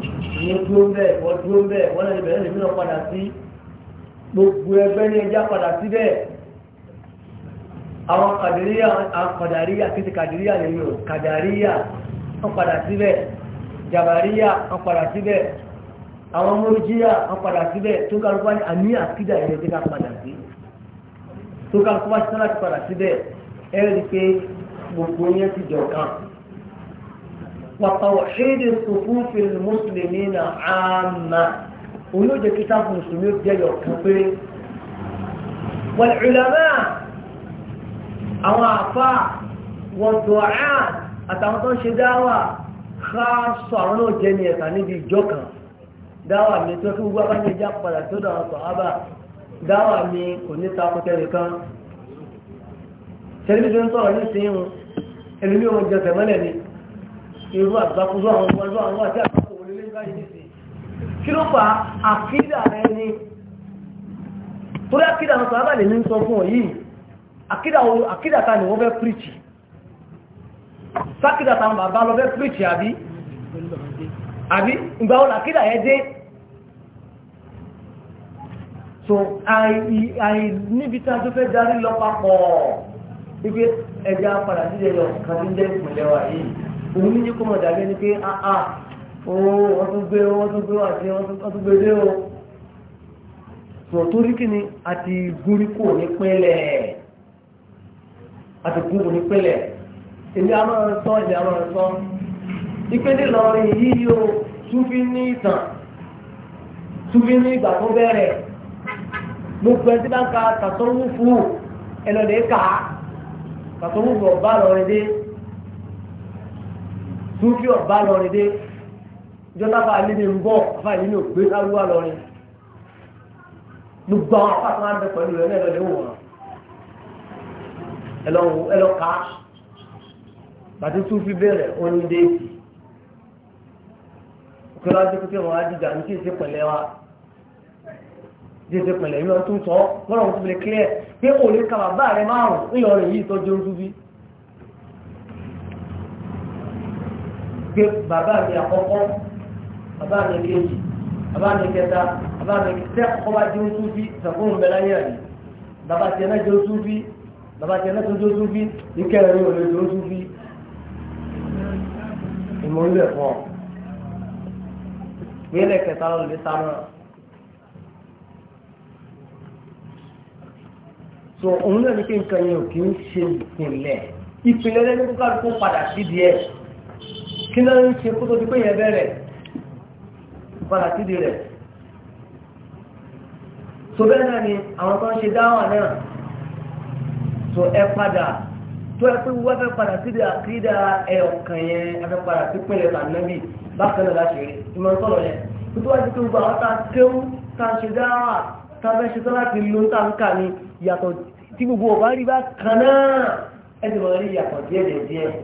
ní dúró bẹ́ẹ̀ wọ́n dúró bẹ́ẹ̀ wọ́n lẹ́nu bẹ̀rẹ̀ lèmi náà padà sí gbogbo ẹgbẹ́ ní ẹja padà sí bẹ́ẹ̀ àwọn kàdìríyà àwọn kàdàríyà kìtì kàdìríyà nínú kàdàríyà wọ́n padà sí bẹ́ẹ̀ jàbàríyà wọ́n padà sí bẹ́ẹ̀ àwọn mọ́rújíyà wọ́n padà sí bẹ́ẹ̀ tó kálukú wá ní àmì àkídà ìrẹ́ tí ká padà sí tó kálukú wá sí sọ́lá ti padà sí bẹ́ẹ̀ ẹ̀rí pé gbogbo yẹn ti jọ̀ kan. وتوحيد صفوف المسلمين عامة ونوجد كتاب مسلمين جاي وكبير والعلماء أوافا والدعاء أتعطون شداوة خاصة عنو جنية يعني دي جوكا دعوة من توكي وقبا نجاق بلا تدعى صحابة دعوة من كوني تاكو تلك سلمي جنطور نسيهم اللي يوم الجنة ملني irú àgbákúrú àwọn ọmọ ẹgbẹ́ àwọn àti àgbákò wọlé ní ká yìí kí ló fa àkídà rẹ ni torí àkídà àwọn sọ̀rọ̀ àbálẹ̀ ní sọ fún ọ yìí àkídà ta ni wọ́n fẹ́ píríkì sákìdà ta bàbá lọ fẹ́ píríkì àbí àbí ìgbà wọn àkídà yẹn dé so àì níbi tí a tó fẹ́ darí lọ papọ̀ wípé ẹja padà sílẹ̀ lọ kàdí jẹ́ ìpínlẹ̀ wa yìí òun ní kó mọ̀ dàbí ẹni pé áá ah, ah, ooo wọ́n tún gbé wọ́n tún gbé àti wọ́n tún gbé dé o sọ torí kí ni àti gúrí kò ní pẹ́lẹ̀ àti gúrí ní pẹ́lẹ̀ èmi a máa sọ ìdí a máa sọ ìpele lọrin yìí o túnfí ní ìtàn túnfí ní ìgbà tó bẹ̀rẹ̀ gbogbo ẹtí bá ń ka tàtọ́wù fún ẹlọ́dẹ̀ẹ́ka tàtọ́wù bọ̀ bá lọrin dé dúkì ọ̀bá lọ́rin dé ìjọba bá lé ní ń bọ̀ àfa ìlú ní ògbé sáwúwá lọ́rin gbogbo àwọn apá tó máa ń bẹ pẹ̀lú rẹ̀ lẹ́lọ́ lè wò wọ́n ẹlọ́wọ́ ẹlọ́ka bàtí tún fi bẹ̀rẹ̀ oní déètì òkè lọ́wọ́ jẹ́ pípé wọn á dìjà ní kí èsì pẹ̀lẹ́ wa jẹ́sẹ̀ pẹ̀lẹ́ yìí wọ́n tún sọ wọ́n lọ́wọ́ tún fi lè kílẹ̀ pé òun lè kàwá bá rẹ̀ márùn-ún ńlọrọ̀ yìí tọ́jú ojú bíi. gbé bàbá mi àkọ́kọ́ bàbá mi kejì bàbá mi kẹta bàbá mi tẹ́ ọkọ̀ bá jẹ́ oṣù bí sàkóhùn bẹ́ẹ̀ láyé àlè bàbá tiẹ̀ náà jẹ́ oṣù bí bàbá tiẹ̀ náà tó jẹ́ oṣù bí ìkẹrẹ̀ rẹ̀ ò lè jẹ́ oṣù bí ìmọ̀ ń lẹ̀ fún ọ gbélé kẹta ló lè ta mọ. so òun náà ní kí nǹkan yẹn ò kí ń ṣe ìpìlẹ̀ ìpìlẹ̀ lẹ́nu kó kálukú padà sí díẹ̀ kí náà ń ṣe kó tó di pé yẹn bẹ̀rẹ̀ padà sídi rẹ̀ tó bẹ́ẹ̀ náà ni àwọn tó ń ṣe dáwà náà tó ẹ padà tó ẹ pé wọ́n fẹ́ padà sídi àkídà ẹ ọ̀kan yẹn ẹ fẹ́ padà sí pínlẹ̀ tànàbì bákan náà láṣẹ rí ìmọ̀ sọ̀rọ̀ yẹn tó tó wá sí pé gbogbo àwọn tá a kéwú tá a ṣe dáwà tá a fẹ́ ṣe tó láti lo tá a ń kà ní yàtọ̀ tí gbogbo ọ̀bá rí bá kan náà ẹ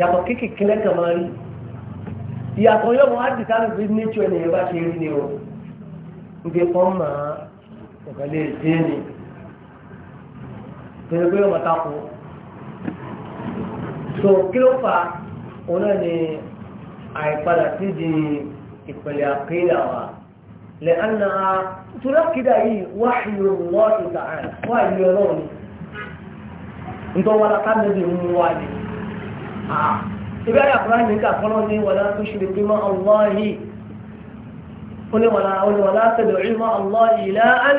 yàtọ̀ kéékèèké lẹ́kàn máa rí ìyàtọ̀ yóò wọ́n á dì sáré bí nature ènìyàn bá ṣe rí ni o níbi kan máa ọ̀gá lè dé ni pẹ̀lú pé ọmọ tako so kí ló fà òun náà ni àìpadà sí di ìpìlẹ̀ àkéèdà wa lẹ́ẹ̀nà túnlákìdá yìí wá ìlú wọ́n ti sàárẹ̀ wá ìlú ọlọ́run nítorí wọn lápá níbi mú wa nìyí Ah, ibi ayé àkùrá ní ká kọ́lọ́ ní wàlá tó ṣe lè bímọ aláhi ó ní wàlá ó ní wàlá tó lè bímọ aláhi ilá án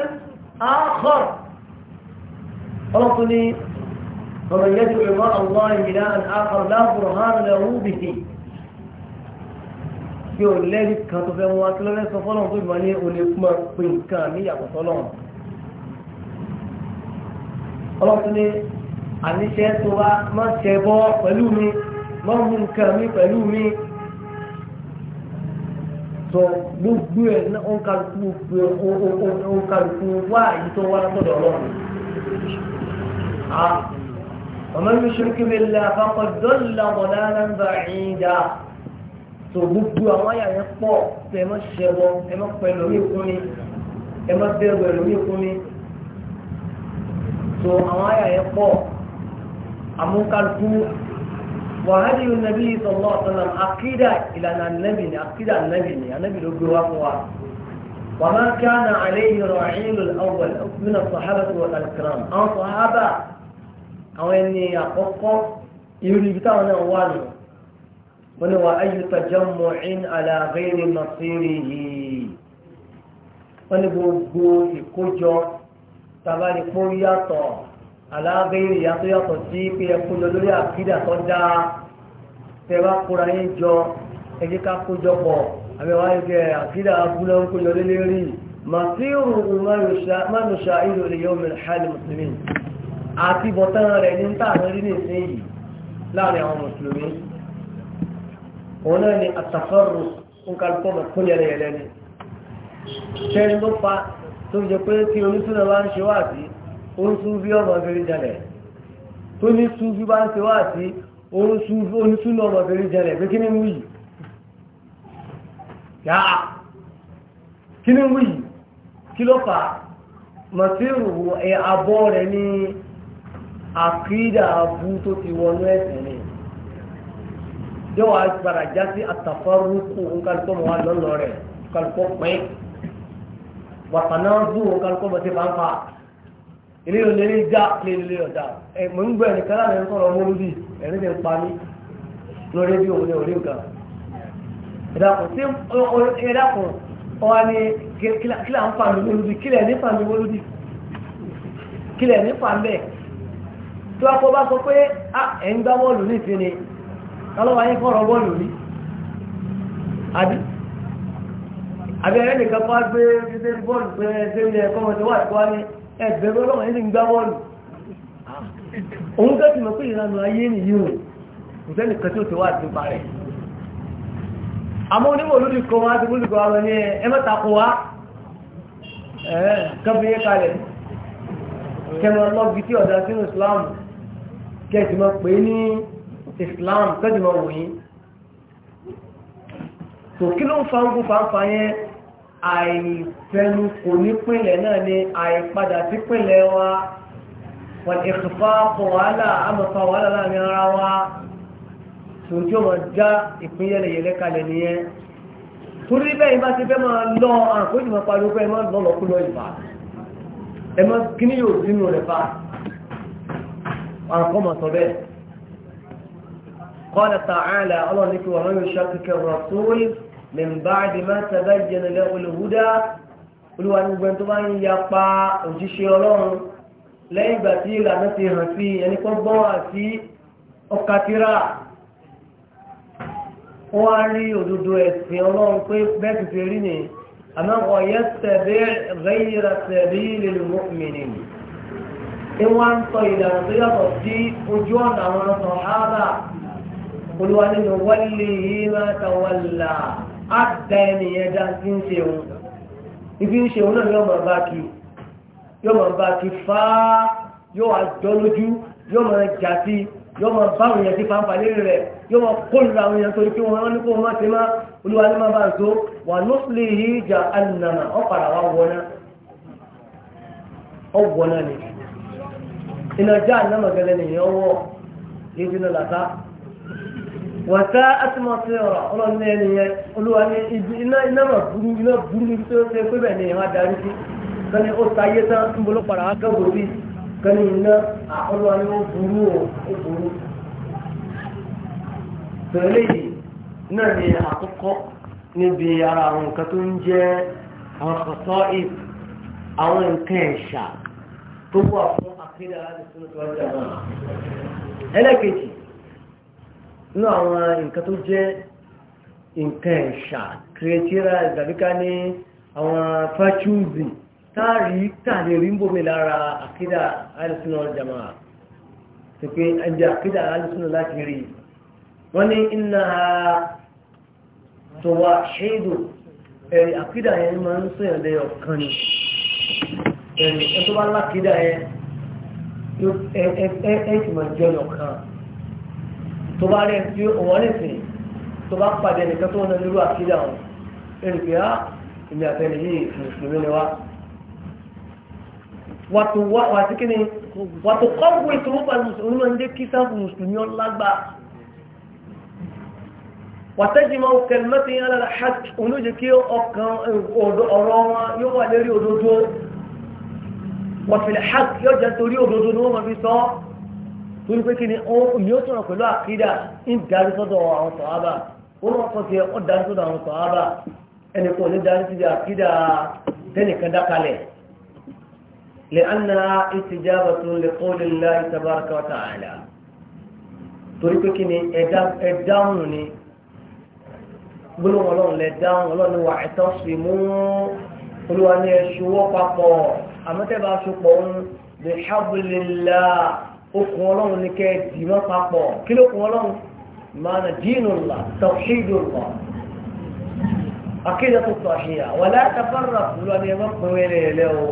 áhọ́r ọlọ́tún ní ọmọ ìyá tó bímọ aláhi ilá án láàbùrọ̀ hàn lẹ́wọ́ àníṣẹ́ tó bá má ṣẹbọ pẹ̀lú mi má mú nǹkan mi pẹ̀lú mi tó gbogbo ẹ̀ òǹkàlùkù wá èyí tó wá látọ̀dọ̀ ọlọ́run ọmọ mi ṣe kí mi lè àpapọ̀ dọ́là ọ̀dà nàmbà ìdá tó gbogbo àwọn àyà yẹn pọ̀ tó ẹ má ṣẹbọ ẹ má pẹ̀lú mi kún mi ẹ má bẹ̀rù ẹ̀lú mi kún mi tó àwọn àyà yẹn pọ̀ àmúkálukú wàhálì nàbí sallallahu alaihi wasallam àkídà ìlànà nàbì ni àkídà nàbì ni ànàbì ló gbé wá fún wa wàmá kánà àléyìn rọ̀hìnlù àwọn ọ̀gbìnà sọ̀hábà tó wọ́n alìkìrán àwọn sọ̀hábà àwọn ẹni àkọ́kọ́ irú ibi táwọn náà wà nù wọ́n ni wà áyù tàjọ́ mọ̀ọ́ín àlàgẹ́rì màsírì yìí wọ́n ni gbogbo ìkójọ tàbá kó yàtọ̀ aláàbẹ̀rẹ̀ ìyá tó yàtọ̀ sí pé ẹkú lọ lórí àkídà tó dáa tẹ bá kóra yín jọ ẹ jẹ́ ká kójọ pọ̀ àbẹ̀wá ẹgbẹ́ àkídà abúlé ń kójọ lé lérí màtíhù mánùṣà ìlú ìyá omi hàlì mùsùlùmí àti bọ̀tán rẹ̀ ní táàrin rí nìsín yìí láàrin àwọn mùsùlùmí òun náà ni àtàfọ́rù ń kálukọ́ mọ̀ kún ni ṣẹ́ni ló fa tó fi jẹ pé tí òun sún bí ọmọ fèrè jẹlẹ̀ tó ní sún bí bá ń ṣe wá sí òun sún bí òun sún ọmọ fèrè jẹlẹ̀ pé kí ni wù yìí yáà kí ni wù yìí kí ló fà màsírù ẹ abọ́ rẹ̀ ní àkídà abú tó ti wọnú ẹ̀sìn ni yóò gbàrà ilé ìlú ní já lé ilé ọ̀dà mo ń gbọ́ ẹnìkan láti ń sọ̀rọ̀ ọmọ olúbi ti ń pa mí lórí bí òun ní orí nǹkan ìdàkùn sí ìdàkùn ọ̀hún ni kílà ń kílẹ̀ ní kílẹ̀ ní tí wọ́n kọ́ bá sọ pé ah, ẹ̀ ń gbá bọ́ọ̀lù ní ayé fọ́rọ̀ bọ́ọ̀lù rí àbí nìkan ẹ̀bẹ̀rẹ̀ ọlọ́run ẹni ń gbá bọ́ọ̀lù òun gẹ́gẹ́ ti mọ̀ pé ìranù ayé nìyí o kò sẹ́ni kan tí ó ti wá àti ipa rẹ̀ àmọ́ onímọ̀ olórí kan wá ti kúlù kan wọn ní ẹ mẹ́ta kó wá kẹ́bíyé kalẹ̀ kẹ́mọ lọ́gì tí ọ̀dà sínú Islam kẹ́sì mọ̀ pé ní Islam kẹ́sì mọ̀ wòyí tò kí ló ń fa ń kú fanfa yẹn àìfẹnu kò ní pínlẹ̀ náà ni àìpadà sí pínlẹ̀ wa wọ́n ìkẹfà kọ̀ wàhálà àmọ̀fà wàhálà láàrin ara wa tòjú ọmọ já ìpínyẹlẹyẹlẹ kalẹ̀ nìyẹn torí bẹ́ẹ̀ bá ti fẹ́ lọ ma من بعد ما تبين له الهدى olúwa ní gbẹ́ntó bá ń yapa òjíṣẹ́ ọlọ́run lẹ́yìn ìgbà tí ìlànà ti hàn sí ẹni kan gbọ́n àti ọkàtírà wọ́n á rí òdodo ẹ̀sìn ọlọ́run pé bẹ́ẹ̀ ti fi rí ni àmọ́ ọ̀yẹ́ tẹ̀bí rẹ́yìnrà tẹ̀bí lèlè mọ́mìnì ni wọ́n ń sọ ìlànà tó yàtọ̀ sí ojú ọ̀nà àwọn ọ̀sán áàbà olúwa nínú wọ́lé yìí máa tàwọ́lá á da ẹnìyẹn dá sí ń ṣe òun ibi ń ṣe òun náà yóò máa bá kí yóò máa bá kí fá yóò wá jọ lójú yóò máa jà sí yóò máa bá òun yẹn sí fanfa lérí rẹ yóò máa kólura òun yẹn torí pé wọn ní kó wọn má ṣe má olúwa ní má bá ń so wà lóṣìlè yìí jà ànàmà ọ̀padà wà wọná ọ̀wọ́ná ni ìnàjà ànàmà gẹ́lẹ́ nìyẹn wọ̀ yéjú náà làtà wàtá àtúmọ̀tò ọ̀rọ̀ ọlọ́run ẹni yẹn olúwa ní ibi iná iná mà burú iná burú níbi tó ṣe pé bẹ́ẹ̀ ni ìwà darí sí kẹ́ni ó ta ayé tán ń bolo padà wá kẹ́wò bí kẹ́ni iná olúwa ní ó burú o ó burú. bẹ̀rẹ̀ yìí náà ni àkọ́kọ́ níbi ara àwọn nǹkan tó ń jẹ́ àwọn kọ̀tọ́ ìp àwọn nǹkan ẹ̀ṣà tó wà fún akéde aláàbẹ̀sọ́nù tó wájú àwọn ẹlẹ́kẹ̀jì nínú àwọn nǹkan tó jẹ́ nǹkan ẹ̀ṣà kìrìtìrà ìgbàbíká ní àwọn fàchúùzì táàrí tààrí rí ń bómi lára àkídà alìsínà jama tó pé ẹjẹ́ àkídà alìsínà láti rí wọ́n ní iná tó wá ṣéèdò ẹ̀rì àkídà yẹn máa ń sọ̀yàn lẹ́yọ̀ kan ni ẹ̀rì ẹ̀ tó bá lákídà yẹn ẹ̀ ẹ̀ ẹ̀ ẹ̀ ti máa jẹ́ ọ̀kan tó bá rẹ̀ tí wọ́n lè sìn tó bá pàdé nìkan tó wọn lórí àkídà wọn ẹnì pé á ah, èmi àtẹnì yìí mùsùlùmí ni wá. wàtò wá wàtí kí ni wàtò kọ́wé tó wọ́n pàdé mùsùlùmí máa ń jẹ́ kí sáfù mùsùlùmí ọ lágbà. wàtẹ́jìmọ̀ kẹlẹ́mẹ́tì yẹn lára hàk òun kí ọkàn ọ̀rọ̀ wọn yóò wà lérí òdodo wàtìlẹ̀ hàk yóò jẹ́ torí òdodo ni wọ́n máa fi sọ torí pé kí ni yóò tọ̀rọ̀ pẹ̀lú àkídà ń darí sọ́dọ̀ àwọn sọ̀hábà ó lọ́wọ́ kan ti ẹ̀ ọ́ darí sọ́dọ̀ àwọn sọ̀hábà ẹnì kan ò ní darí síbi àkídà tẹ́nìkan dákalẹ̀ lẹ́nà ìtìjábà tó lè kó lè la ìtàbárakà wata àlà torí pé kí ni ẹ̀dáhùn ni gbólóhùn ọlọ́run lẹ́dáhùn ọlọ́run ni wà ẹ̀tọ́ sí mú olúwa ni ẹ̀ṣùwọ́ papọ̀ àmọ́tẹ́bà ṣùpọ̀ okùn ọlọ́run ní kẹ́ dì mọ́ papọ̀ kí ló kùn ọlọ́run mana dinullah tawhidullah akidatu sahiha wala tafarraqu lọ ní ẹgbẹ́ pẹ̀wẹ́ rẹ̀ lẹ́ o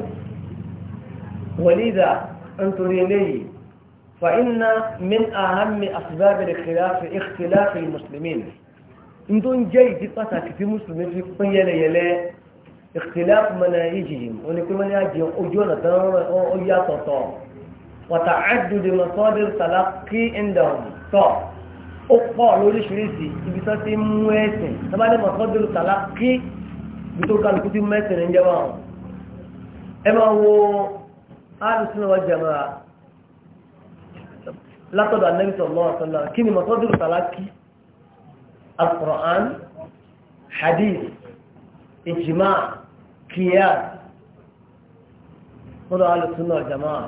wàlídà ń torí eléyìí فإن من أهم أسباب الخلاف اختلاف المسلمين ندون جاي دي pàtàkì tí mùsùlùmí fi pín yẹlẹyẹlẹ اختلاف مناهجهم ونكون مناهجهم أجونا تنرى أو يا تطور وتعدد مصادر تلقي عندهم tọ́ ó pọ̀ lóríṣiríṣi ibi tó ti mú ẹ̀sìn tábàdé mọ̀sọ́dún tàlákì ibi tó kálukú ti mú ẹ̀sìn ń jẹ́wọ́ àwọn ẹ máa wo alùsùn náà jẹ̀mọ́ra látọ̀dọ̀ Ànábì sallallahu alaihi wasallam kí ni mọ̀sọ́dún tàlákì al-Qur'an hadith ijma' qiyas lọ́dọ̀ alùsùn náà jẹ̀mọ́ra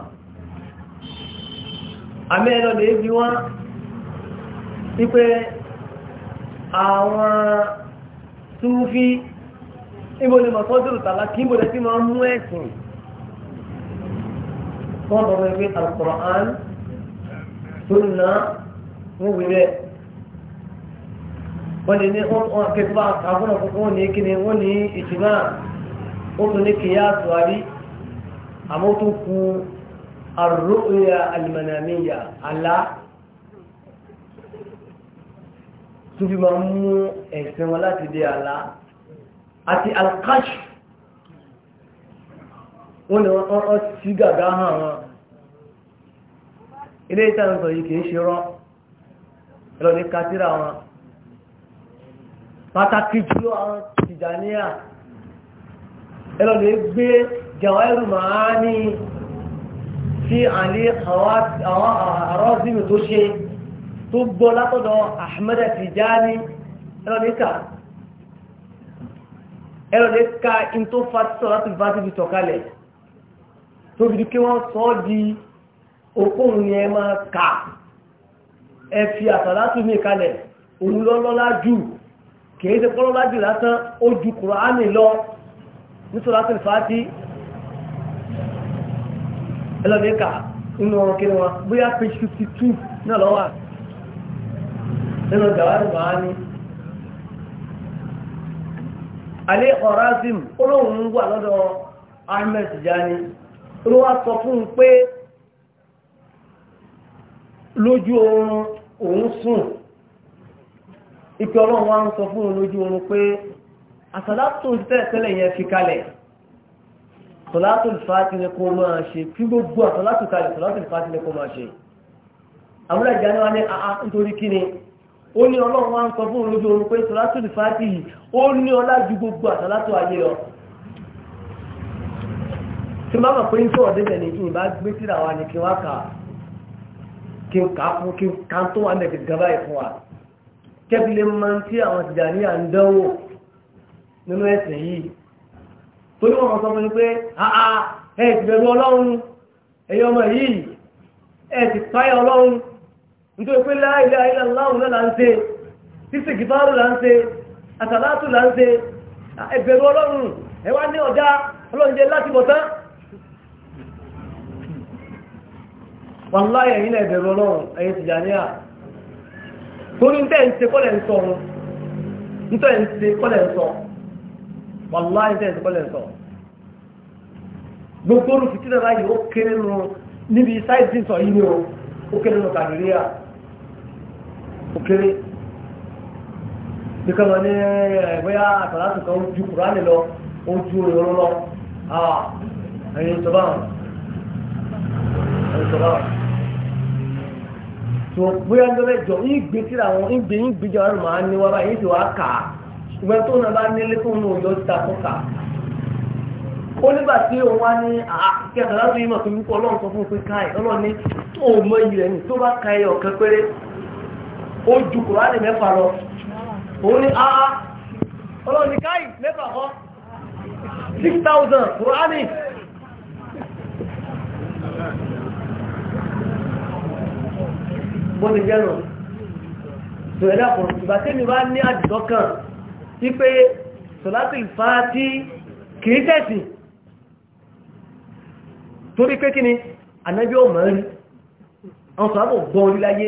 àmì ẹ̀lọ lè bí wọ́n wípé àwọn túnfí ìbòlè mọ̀tọ́jọ́rù tààlà kí ìbòlè tí wọ́n mú ẹ̀sìn wọ́n lọ́wọ́ ẹgbẹ́ Al-Qur'an sunna wọ́n wí rẹ̀ wọ́n lè ní wọ́n akẹ́kọ̀ọ́ àkàbọ̀nà kọ́kọ́ wọ́n ní kíni wọ́n ní ìjìmá ó tún ní kìyà àtúwárí àmọ́ tó kú arúgbóyà alìmọ̀nàmíyà alá tó fi máa mú ẹ̀sìn wọn láti dé alá àti alkash wọ́n ni wọ́n ti gàgá hàn wọn ilé ìtàn sọ yìí kìí ṣe rán ẹ̀rọ ní kátírà wọn pàtàkì jùlọ àwọn tìjàníyà ẹ̀rọ ní gbé jàwáìrù màá ní tí àlè àwọn àrọ́sìmì tó ṣe tó gbọ́ látọ̀dọ̀ Ahmad Tijani ẹlọ́dẹ́ka ẹlọ́dẹ́ka in tó fàtíṣọ́ láti bá ti fi tọ̀kalẹ̀ tó fi kí wọ́n sọ di okóhun ni ẹ máa kà ẹ fi àtàlátù mi kalẹ̀ òun lọ́lọ́lá jù kìí ṣe jù lásán ó ju Kùránì lọ ní sọ́látù ẹlọ́mẹ́ka inú ọmọ kí ni wọn bóyá page fifty two náà lọ́wọ́ nínú dàwárí màá alẹ́ ọ̀rázìm olóhùn ń wà lọ́dọ̀ ahmed sọ fún pé lójú oorun òun sùn ọlọ́run wa ń sọ fún lójú oorun pé àsàlátò tẹ́lẹ̀ tẹ́lẹ̀ yẹn fi kalẹ̀. sọlátùl fàtí ni kó máa ṣe kí gbogbo àtọ́látù kalẹ̀ sọlátùl fàtí ni kó máa ṣe àmúlẹ̀ ìjánu wa ní àá ah, ah, nítorí kí ni ó ní ọlọ́run wá ń sọ fún olójú orun pé sọlátùl fàtí yìí ó ní ọlá ju gbogbo àtọ́látù ayé lọ tí máa mọ̀ pé ń sọ̀rọ̀ débẹ̀ ni kí n bá gbé síra wa ni kí n wá tó wà mẹ́tẹ̀ gaba yìí wa kẹ́bílẹ̀ máa ń tí àwọn tìjà ní à ń dánwò nínú ẹ̀sìn yìí torí wọn sọ fún mi pé àà ẹ ti bẹ̀rù ọlọ́run ẹ̀yọ ọmọ yìí ẹ ti páyà ọlọ́run nítorí pé láìlé ayílẹ̀ láwùn náà là ń ṣe títí gìbáàrù là ń ṣe àtàlátù là ń ṣe ẹ bẹ̀rù ọlọ́run ẹ wá ní ọ̀dá ọlọ́run jẹ láti bọ̀ tán wàláyé yìí náà ẹ̀bẹ̀rù ọlọ́run ẹ̀yẹ ti jàníà torí wàláhì tẹ́ ẹ̀sìn kọ́lẹ̀ sọ gbogbo orú fìtí náà láyé ó kéré nu níbi sáìtì sọ yìí ni o ó kéré nu kàdìríà ó kéré nìkan lọ ní ẹ̀bọ́yá àtàlátù kan ojú kùránì lọ ojú òyìnbó lọ ẹ̀yìn sọ báwọn ẹ̀yìn sọ báwọn tó bóyá ń dọ́lẹ́jọ ń gbé síra wọn ń gbé ń ní wàrà yìí ti wàá kà ṣùgbọ́n tó bá nílé fún un òjò ti takọ́ta ó nígbà tí wá ní àkẹ́kẹ́ láti ìmọ̀ tó wípọ̀ ọlọ́run sọ fún un pé ọmụ tó iyì rẹ̀ ní tó bá ka ẹyọ kan ó ju kùránì mẹ́fà lọ òun ní a ọlọ́run ní kọ́ wípé sọ̀látì fàájí kìí tẹ̀sì torí pé kí ni ànábí ò mọ̀ rí àwọn sọ̀lábò gbọ́n rí láyé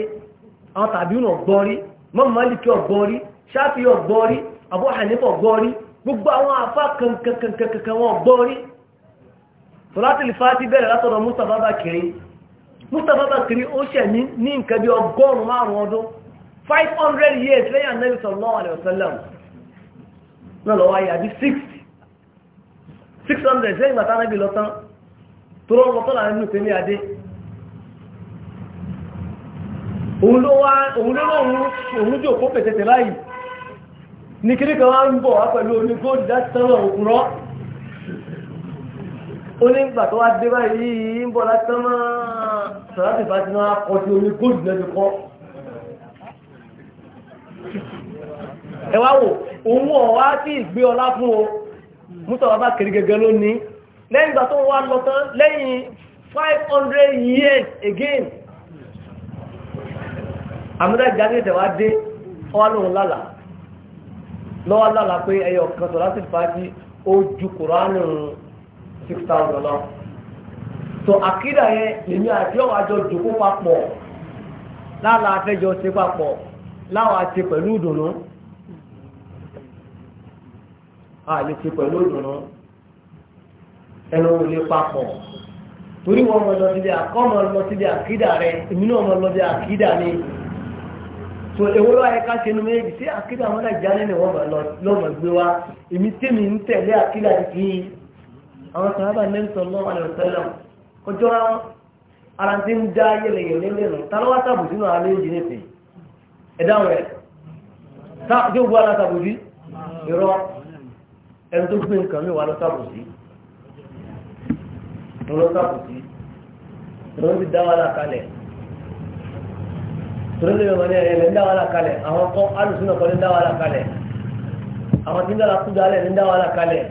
àwọn tàbí ìrùn ọ̀gbọ́n rí mọ́mọ́lìkì ọ̀gbọ́n rí ṣáfí ọ̀gbọ́n rí Abu Hanifa ọ̀gbọ́n rí gbogbo àwọn afá kankankankan wọn ọ̀gbọ́n rí náà lọ́wọ́ ayé àbí sixty six hundred lẹ́yìn bàtà náà bí lọ́tán tó rọ́ lọ́tọ́ làwọn ẹnu tẹ́lẹ̀ adé òun ló wá òun ló lóun òun jò kó pètètè láyìí ní kiri kan wá ń bọ̀ wá pẹ̀lú oní góòlù láti sánmà òkun rọ́ ó ní ìgbà tó wá dé báyìí ń bọ̀ láti sánmà sọ̀rọ̀ àti ìfàsínà akọ̀tì oní góòlù lẹ́nu kọ́ ẹwà wò òun ọ̀wá tí ìgbé ọlá fún o mùsọ̀lá bá kiri lónìí lẹ́yìn ìgbà tó wà lẹ́yìn 500 years again àmúdá ìjáde ìtẹ̀wá dé ọwá lóhun lálà lọ́wọ́ lálà pé ẹyọ kan láti fàájì ó ju kùránù 6000 so láwọn àti pẹ̀lú ìdùnnú a lè ṣe pẹ̀lú ìdùnnú ẹnu ò lè papọ̀ torí wọn mọ lọ síbi àkọ́mọ lọ síbi àkídà rẹ èmi náà mọ lọ síbi àkídà mi so èwo ló ayé ká ṣe nu méjì sí àkídà wọn náà jáde ni wọn lọ́mọ gbé wa èmi tèmi ń tẹ̀lé àkídà kí àwọn sàhábà ní sallallahu alaihi wasallam kọjọ́ ara ti ń dá yẹlẹyẹlẹ lẹ́nu tálọ́wọ́ tàbùtì náà alẹ́ yìí nìsín ẹ̀dáwọn ẹ̀ tá yóò wú ara tàbùtì ìrọ́ ẹni tó gbé nǹkan mi wà lọ́sàbòsí lọ́sàbòsí wọ́n ti dá wàhálà kalẹ̀ tòun lè mọ̀ ní ẹ̀rẹ̀ ń dá wàhálà kalẹ̀ àwọn kan alùsùn náà kọ́ ní dá wàhálà kalẹ̀ àwọn tí ń dára kúdà alẹ̀ ní dá wàhálà kalẹ̀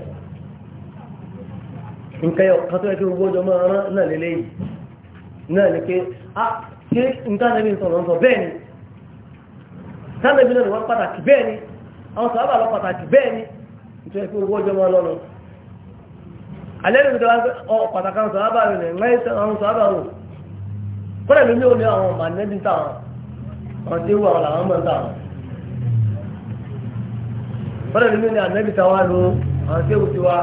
nǹkan yọ kan tó kí gbogbo ọjọ́ máa rán náà lélẹ́yìn náà ni pé a ah, ṣé nǹkan náà bí sọ̀rọ̀ ń sọ bẹ́ẹ̀ ni sáà náà bí náà ni wọ́n pàtàkì bẹ́ẹ̀ ni àwọn sọ̀rọ̀ nítorí pé owó ọjọ́ máa lọ lọ. alẹ́ nìkan wá ọ pàtàkì àwọn sọ̀rọ̀ rẹ̀ ńlá ìṣẹ́ àwọn sọ̀rọ̀ rẹ̀ kọ́lẹ̀ ló ní òní àwọn ọmọ ànẹ́bí táwọn àwọn tí ó wà làwọn mọ̀ táwọn. kọ́lẹ̀ ló ní ànẹ́bí táwọn ló àwọn tí ó ti wá.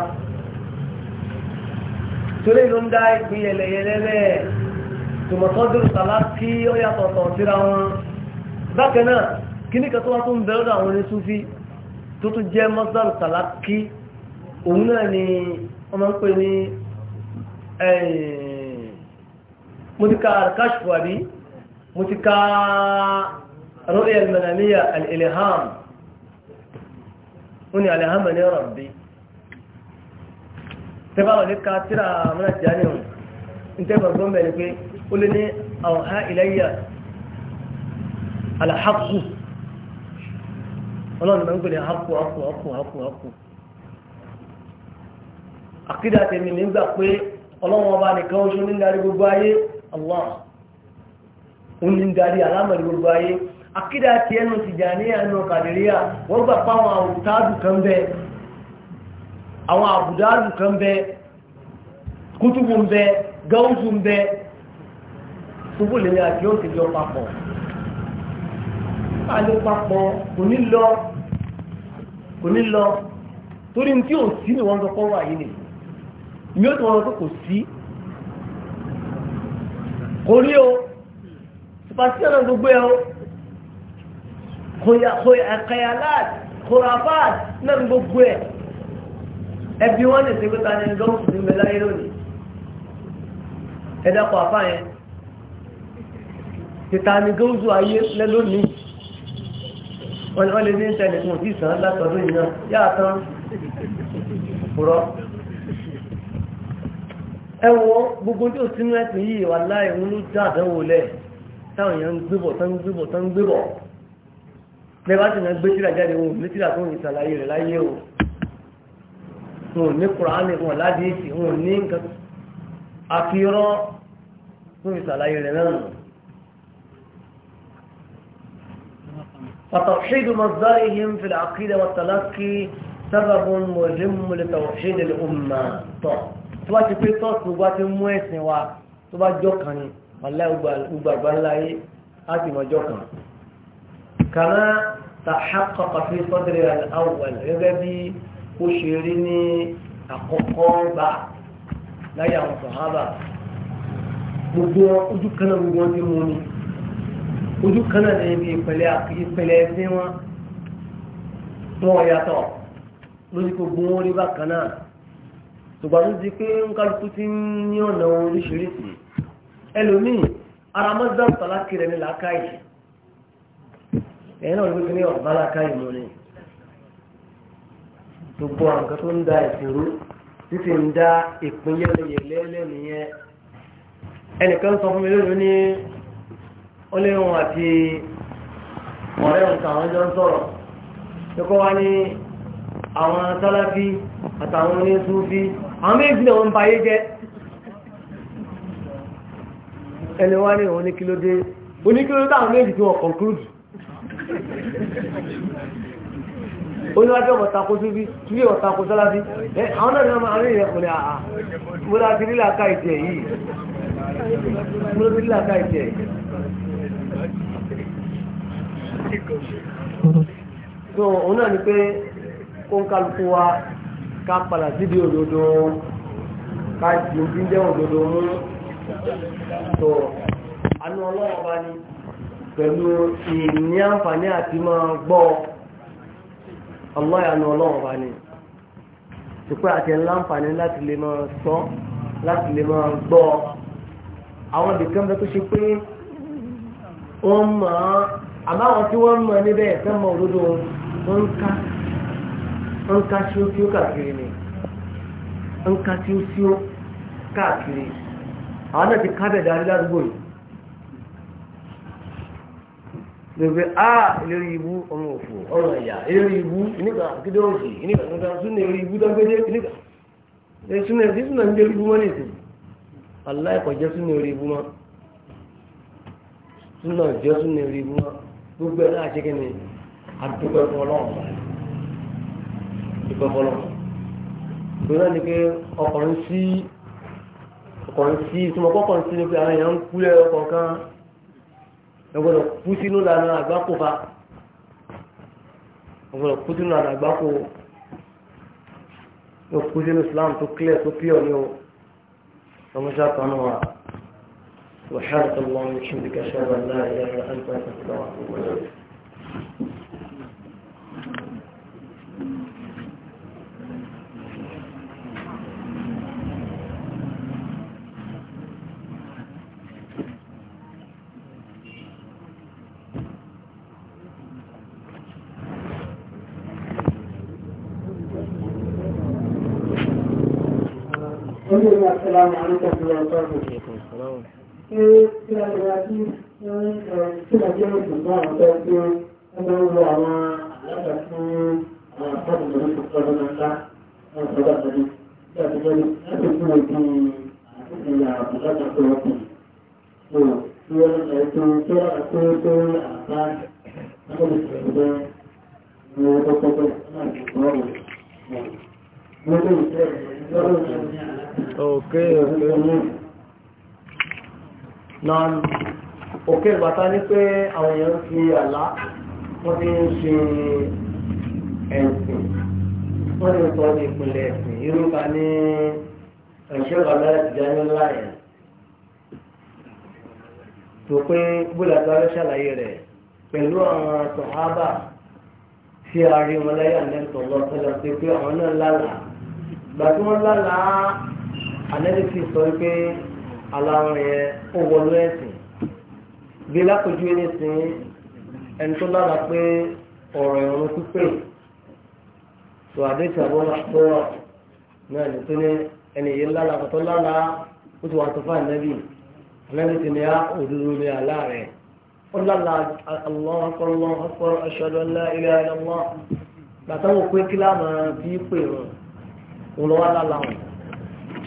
torí ló ń dá ìpín yẹlẹyẹlẹ bẹ́ẹ̀ tòmọ̀tọ́ dúró sàlá kí ó yàtọ̀ tọ̀ síra wọn. bákan náà kíníkà tó wá tó ń bẹ̀rù àwọn oníṣúfì tó tún jẹ́ mọ́sálù tàlákì òun náà ni wọ́n máa ń pè ní eh, mọ́tíkà kashfu àbí mọ́tíkà ru'ya al-manamiya al-ilham wọ́n ni alhama ni rabbi tẹ́bàrọ̀ ní ká tíra mọ́nà jẹ́ ní tẹ́bàrọ̀ gbọ́mọ̀ ọlọ́run máa ń pè ní hapu hapu hapu hapu hapu àkídà tèmi nígbà pé ọlọ́run ọba nìkan oṣù ní darí gbogbo ayé allah ó ní darí alámọ̀lẹ́ gbogbo ayé àkídà tí ẹnu Tìjàníyà ẹnu kàdìríà wọ́n gbà páwọn àwùtáàdù kan bẹ àwọn àbùdáàdù kan bẹ kútùbù ń bẹ gáúsù ń bẹ gbogbo lèmi àti ó ti jọ papọ̀ àlè papọ̀ kò ní lọ kò ní lọ torí tí ò sí ni wọ́n kọ́kọ́ wà yìí ni ìmí ó ti wọ́n kọ́ kò sí kò rí o tìpasí ọ̀nà gbogbo ẹ̀ o kòyàkàyàláàt kòràfáàt náà gbogbo ẹ̀ ẹbí wọ́n lè ṣe pẹ́ta ní ẹgbẹ́ òṣèlú mẹ́lá yẹ́rọ ni ẹ̀dàpọ̀ àfáà yẹn wọ́n lè ní ṣẹlẹ̀ fún òfin ìsàn látọ̀dún ìná yáàtán pùrọ́ ẹwọ gbogbo tí ó sínú ẹ̀sìn yìí wà láì ń ló já àdánwò lẹ̀ táwọn èèyàn ń gbébọ̀ tán ń gbébọ̀ tán ń gbébọ̀ bẹ́ẹ̀ bá فتوحيد مصدرهم في العقيدة والتلقي سبب مهم لتوحيد الأمة طبعا تبقى تصل وقت موسن وطبعا جوكني والله أبار بالله آتي ما جوكا كما تحقق في صدر الأول يجبي أشيرني أقوقوبة لا يا صحابة gbogbo ojú kan náà ojú kan náà ní ibi ìpìlẹ̀ ẹ̀sìn wọn wọn yàtọ̀ lórí gbogbo wọn rí bákan náà ṣùgbọ́n ló di pé ń kálukú ti ń ní ọ̀nà oríṣiríṣi ẹlòmíì ara mọ́sán tàlákì rẹ̀ ní làákàyè ẹ̀yìn náà ló fi ní ọ̀bá làákàyè mọ́ ni gbogbo àwọn kan tó ń da ìṣòro títí ń da ìpínyẹlẹyẹlẹ nìyẹn ẹnìkan sọ fún mi lónìí ní ó ní wọn àti ọ̀rẹ́ nǹkan àwọn jọ ń sọ̀rọ̀ tó kọ́ wá ní àwọn sáláfí àtàwọn oníṣúfí àwọn méjì náà ń bayé jẹ́ ẹni wá ní òun ní kí oníkílódé àwọn méjì tí wọ́n conclude oníwájú ọmọ tako súfí túbí ọ̀tako sáláfí àwọn náà ni wọ́n máa rí ìrẹ́kùn ní àà mo láti rí làákà ìjẹ yìí mo láti rí làákà ìjẹ yìí so òun náà ni pé kó ń kálukú wa ká padà síbi òdodo ká ju bí jẹ́ òdodo mú so anú ọlọ́wọ́ bá ní pẹ̀lú ìní àǹfààní àti máa gbọ́ ọlọ́yà anú ọlọ́wọ́ bá ní ṣùgbọ́n àti ńlá àǹfààní láti lè máa sọ láti lè máa gbọ́ àwọn ibìkan bẹ tó ṣe pé wọ́n máa àmọ́ àwọn tí wọ́n mọ̀ níbẹ̀ ẹ̀fẹ́ mọ òdodo wọn ká wọn ká tí ó tí ó káàkiri ni wọn ká tí ó tí ó káàkiri àwọn náà ti kábẹ̀ darí ládùúgbò yìí lèwe a ìlérí ibú ọmọ òfò ọrùn ẹ̀yà ìlérí ibú nígbà kíndé òsì nígbà nígbà súnà ìlérí ibú dágbédé nígbà súnà ìlérí súnà ìlérí ibú wọn nìsín aláìkọjẹ súnà ìlérí ibú wọn súnà ìjọ súnà ìlérí ibú wọn gbogbo ẹ̀ náà ṣe kí ni àdúgbò ẹ̀fọ́ ọlọ́run àdúgbò ẹ̀fọ́ ọlọ́run gbogbo náà ni pé ọkùnrin sí ọkùnrin sí ìsúnmọ́kọ́ ọkùnrin sí ni pé àwọn èèyàn ń kúlẹ̀ ọkọ̀ kan ẹ gbọ́dọ̀ kú sínú lànà àgbákò fa ẹ gbọ́dọ̀ kú sínú lànà àgbákò ẹ kú sínú Islam tó clear tó pure ni o ọmọ ṣáà kan وحرق الله من شمدك شر لا إله إلا أنت أستغفرك السلام عليكم ورحمة الله وبركاته pé kí Okay, okay náà òkè ìgbàta ní pé àwọn èèyàn fi àlá wọ́n ti ń ṣe ẹ̀sìn wọ́n ti ń sọ ní ìpìlẹ̀ ẹ̀sìn irú ta ní ẹ̀ṣẹ́ ìgbàlẹ́ ìjà ní ńlá yẹn tó pé bóyá tó alẹ́ ṣàlàyé rẹ̀ pẹ̀lú àwọn sọ̀hábà tí a rí wọn láyé àlẹ́tọ̀ lọ sọ́dọ̀ pé pé àwọn náà lálàá gbàtí wọ́n lálàá àlẹ́ ti sọ pé aláwọn yẹn ó wọlé ẹ̀sìn bí lápòjú ẹni sìn ẹni tó lára pé ọ̀rọ̀ ìrún pípé tó àdéhùn àbọ̀lá gbọ́wọ́ náà ní tó ní ẹni yìí lára àkọ́tọ́ lára ó ti wà tó fáìn nẹ́bí nẹ́bí ti ní á ní àlá rẹ̀ ó lára pé kílámà bí pè wọn lára wọn.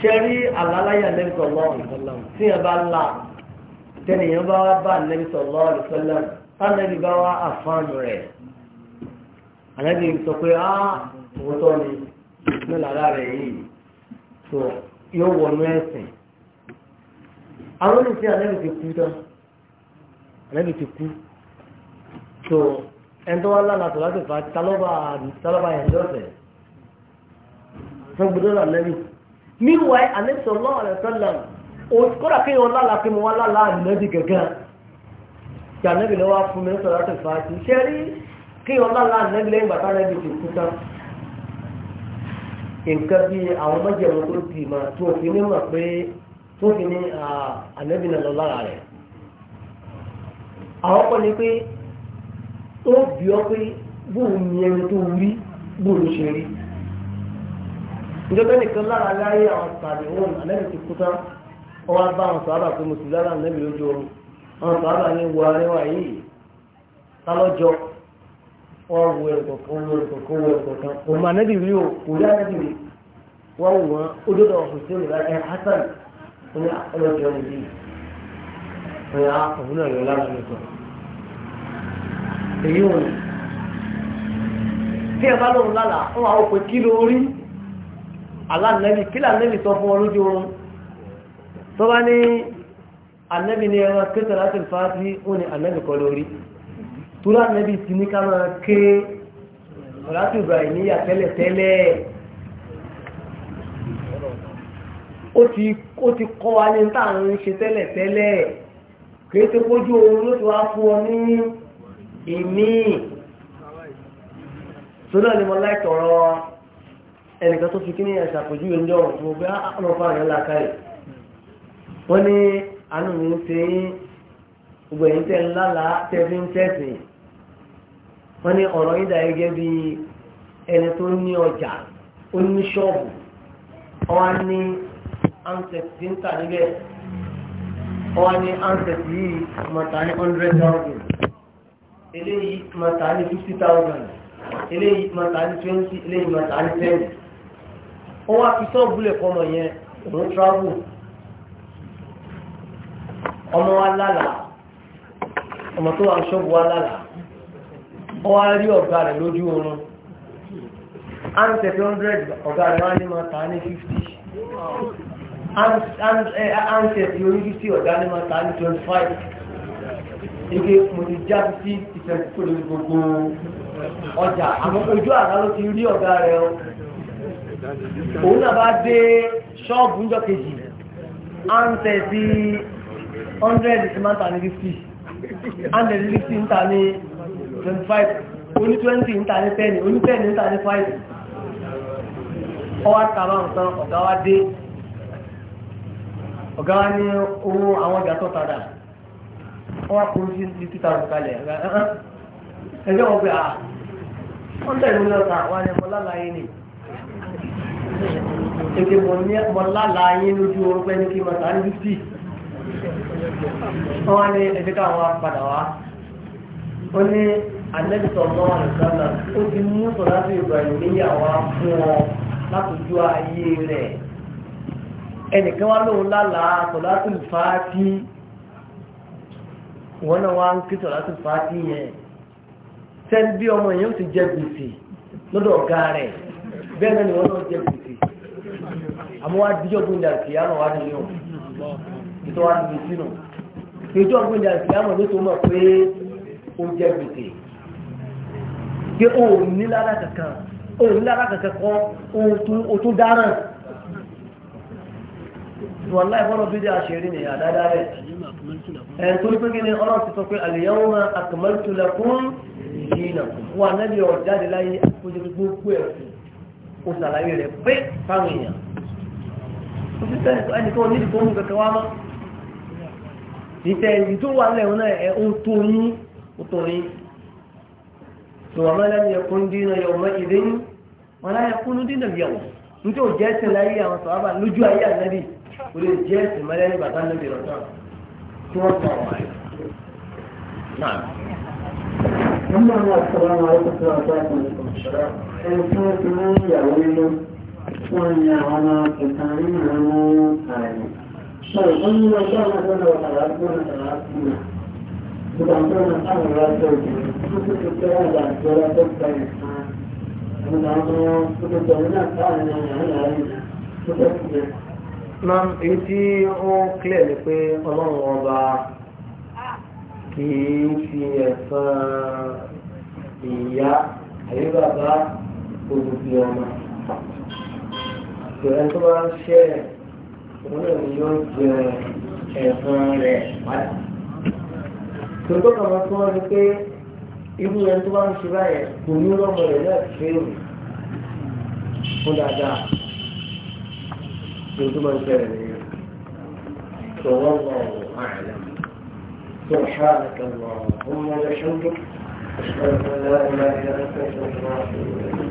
ṣẹ́rí àlàláyà nẹ́bí sallallahu alaihi wasallam tí yẹn bá là tẹ́nìyàn bá wá bá nẹ́bí sallallahu alaihi wasallam tánẹ́bí bá wá àfáànù rẹ̀ ànẹ́bí sọ pé á ah, òótọ́ ni ní làlá rẹ̀ yìí tó yóò wọnú ẹ̀sìn àwọn olùsí ànẹ́bí ti kú tán ànẹ́bí ti kú tó ẹni tó wá lánàá tó láti fà á tálọ́bà fún gbọdọ̀ lànẹ́bí meanwhile anabi sallallahu alaihi wasallam kódà kéèyàn lálàá pé mo wá lálàá ànábì gẹ̀gẹ́ ìyànẹ́bì lọ́wọ́ fún mi sọ̀rọ̀ láti fà á sí ṣe rí kéèyàn lálàá ànábì lẹ́yìn bàtà ànábì ti kú tán nǹkan bí àwọn mọ́jẹ̀mú tó ti mà tó fi ní mà pé tó fi ní ànábì náà lọ lára rẹ̀ àwọn kan njọba nìkan lára láyé àwọn tàbí òun ànábì ti kú tán wọn wá bá àwọn sàábà pé mo sì lára ànábì lójú oorun àwọn sàábà ní wo yìí wo wo wo òun o kò rí rí wò ó dọ́dọ̀ ẹ̀ ní ọ̀hún eh, ah, ah, lára èyí alánàbí kí lànàbí sọ fún ọlójú oorun tó bá ní ànàbí ní ẹran kéta láti fà á sí ó ní ànàbí kọ lórí tó lànàbí ti ní ká máa ké ọ̀làtì ibrahim níyà tẹ́lẹ̀ tẹ́lẹ̀ ó ti kọ́ wa ní táwọn ń ṣe tẹ́lẹ̀ tẹ́lẹ̀ kìí ti kójú oorun ló ti wá fún ọ ní ìmí sódà ni mo láì tọ̀rọ̀ ẹnìkan tó fi kí ní ẹ̀ṣàpèjúwe ń dọ̀rùn tó gbé ah, ah, ọlọ́fà rẹ̀ lákàyè wọ́n ní àánú mi ń ṣe yín gbogbo ẹ̀yìn tẹ́ ńlála tẹ́fí ń tẹ̀sìn wọ́n ní ọ̀rọ̀ yín dà gẹ́gẹ́ bí ẹni tó ní ọjà ó ní ṣọ́ọ̀bù ọwá ní ansẹ̀tì ń tà níbẹ̀ ọwá ní ansẹ̀tì yìí mọ̀tà ní hundred thousand eléyìí mọ̀tà ní fifty thousand eléyìí mọ̀tà ní twenty eléyìí mọ̀tà ní ten. wọ́n wá fi sọ́ọ̀bùlẹ̀ fọmọ yẹn òun travel ọmọ wa lálà ọmọ tó wà wa lálà wá rí ọ̀gá rẹ̀ lójú oorun ọ̀gá rẹ̀ wá ní máa eh, ní orí ọ̀gá ní máa ní ike mo ti já sí gbogbo ọjà ojú àlá ló ti rí òun náà bá dé ṣọ́ọ̀bù níjọ́ kejì à ń tẹ̀ sí hundred ti máa ń ta ní fifty hundred fifty ń ta ní twenty five oní twenty ń ta ní ten oní ten ń ta ní five ọwọ́ àtàwọn nǹkan ọ̀gá wa dé ọ̀gá wa ní owó àwọn ọjà tó tàdà ọwọ́ kò sí ní títà òun kalẹ̀ ẹgbẹ́ wọn pé ah, à wọ́n tẹ̀lé lọ́ta wọn ni ọlọ́láyé ni èdè mọ̀lálà yín lójú orúkọ ẹni kí n mọ̀tà ní fífì wọ́n wá ní ẹgbẹ́ káwọn padà wá ó ní anẹ́bìtọ̀ lọ́wọ́ àlùkọ́nà ó ti mú sọ̀rọ̀ láti ìbàlẹ̀ níyàwó fún ọ látòjú ayé rẹ̀ ẹnìkan wá lóun lálàá sọ̀rọ̀ láti fàájì wọn náà wá ń kí sọ̀rọ̀ láti fàájì yẹn sẹ́ni bí ọmọ yẹn ó ti jẹ gbèsè lọ́dọ̀ bẹ́ẹ̀ náà ni wọ́n náà jẹ gbèsè àmọ́ wá díjọ́ gbóńdà sí àmọ́ wá díjọ́ ìtọ́ wá díjọ́ sínú ìjọ́ gbóńdà sí àmọ́ ní tó mọ̀ pé ó jẹ gbèsè pé o ní lára kankan ó ní lára kankan kọ́ ó tún dára wàlá ìfọ́nà bídí àṣírí ni àdáadáa rẹ̀ ẹ̀ tó ní pé kí ni ọlọ́run ti sọ pé àlèyàwó akmaltu lakum dinakum wà náà bí ọ̀jáde láyé àkójọ gbogbo ẹ̀kùn ó ṣàlàyé rẹ̀ pé fáwọn èèyàn ó sì tẹ́ ẹnìkan onídìí tó ń kẹ̀kẹ́ wá mọ́ ìtẹ̀ ìdí tó wà lẹ́wọ̀n náà ẹ̀ ó tó yín ó tó yín tó wà mọ́lẹ́ ní ẹkùn dínà yọ̀ mọ́ ìdí yín wọn láyé kúnú dínà yẹ̀wò nítorí òjẹ́ ẹsẹ̀ láyé àwọn sọ̀rọ̀ bá lójú ayé ànábì kò lè jẹ́ ẹsẹ̀ mọ́lẹ́ ní bàbá ànábì rọ̀ náà tí wọ́n sọ̀rọ̀ Nígbà náà sọ́rọ̀ àwọn arúgbó ẹni tí ó ti ní ìyàwó nínú wọ́n ní àwọn ìtàn nínú àwọn ààrẹ. Ṣọ́rọ̀ wọ́n ní ọjọ́ àwọn ọ̀dọ́ ọ̀tàrà tó ń tàrà sí i. Ìgbà tó ń sáwọn ọ̀rọ̀ ọjọ́ òjò tó tó ti tẹ́ ọ̀dà ìjọba tó gba ìsan. Ìgbà àwọn tó tó jọ nínú àtàwọn àwọn ààrẹ tó tó ti jẹ. Máa èyí tí ó kílẹ̀ ni pé ọlọ́run ọba kì í fi ẹ̀sán ìyá àbí bàbá olùbí ọmọ ìrẹ́ tó bá ń ṣe ẹ̀ òun náà ni yóò jẹ ẹ̀sán rẹ̀ padà tòótọ́ kan máa tún wọ́n ni pé irú ẹni tó bá ń ṣe báyẹn kò ní lọ́mọ rẹ̀ náà fèrè fún dáadáa tòótọ́ máa ń ṣẹlẹ̀ nìyẹn tòwọ́ ń bọ̀ àìlẹ́. سبحانك اللهم وبحمدك أشهد أن لا إله إلا أنت أستغفرك وأتوب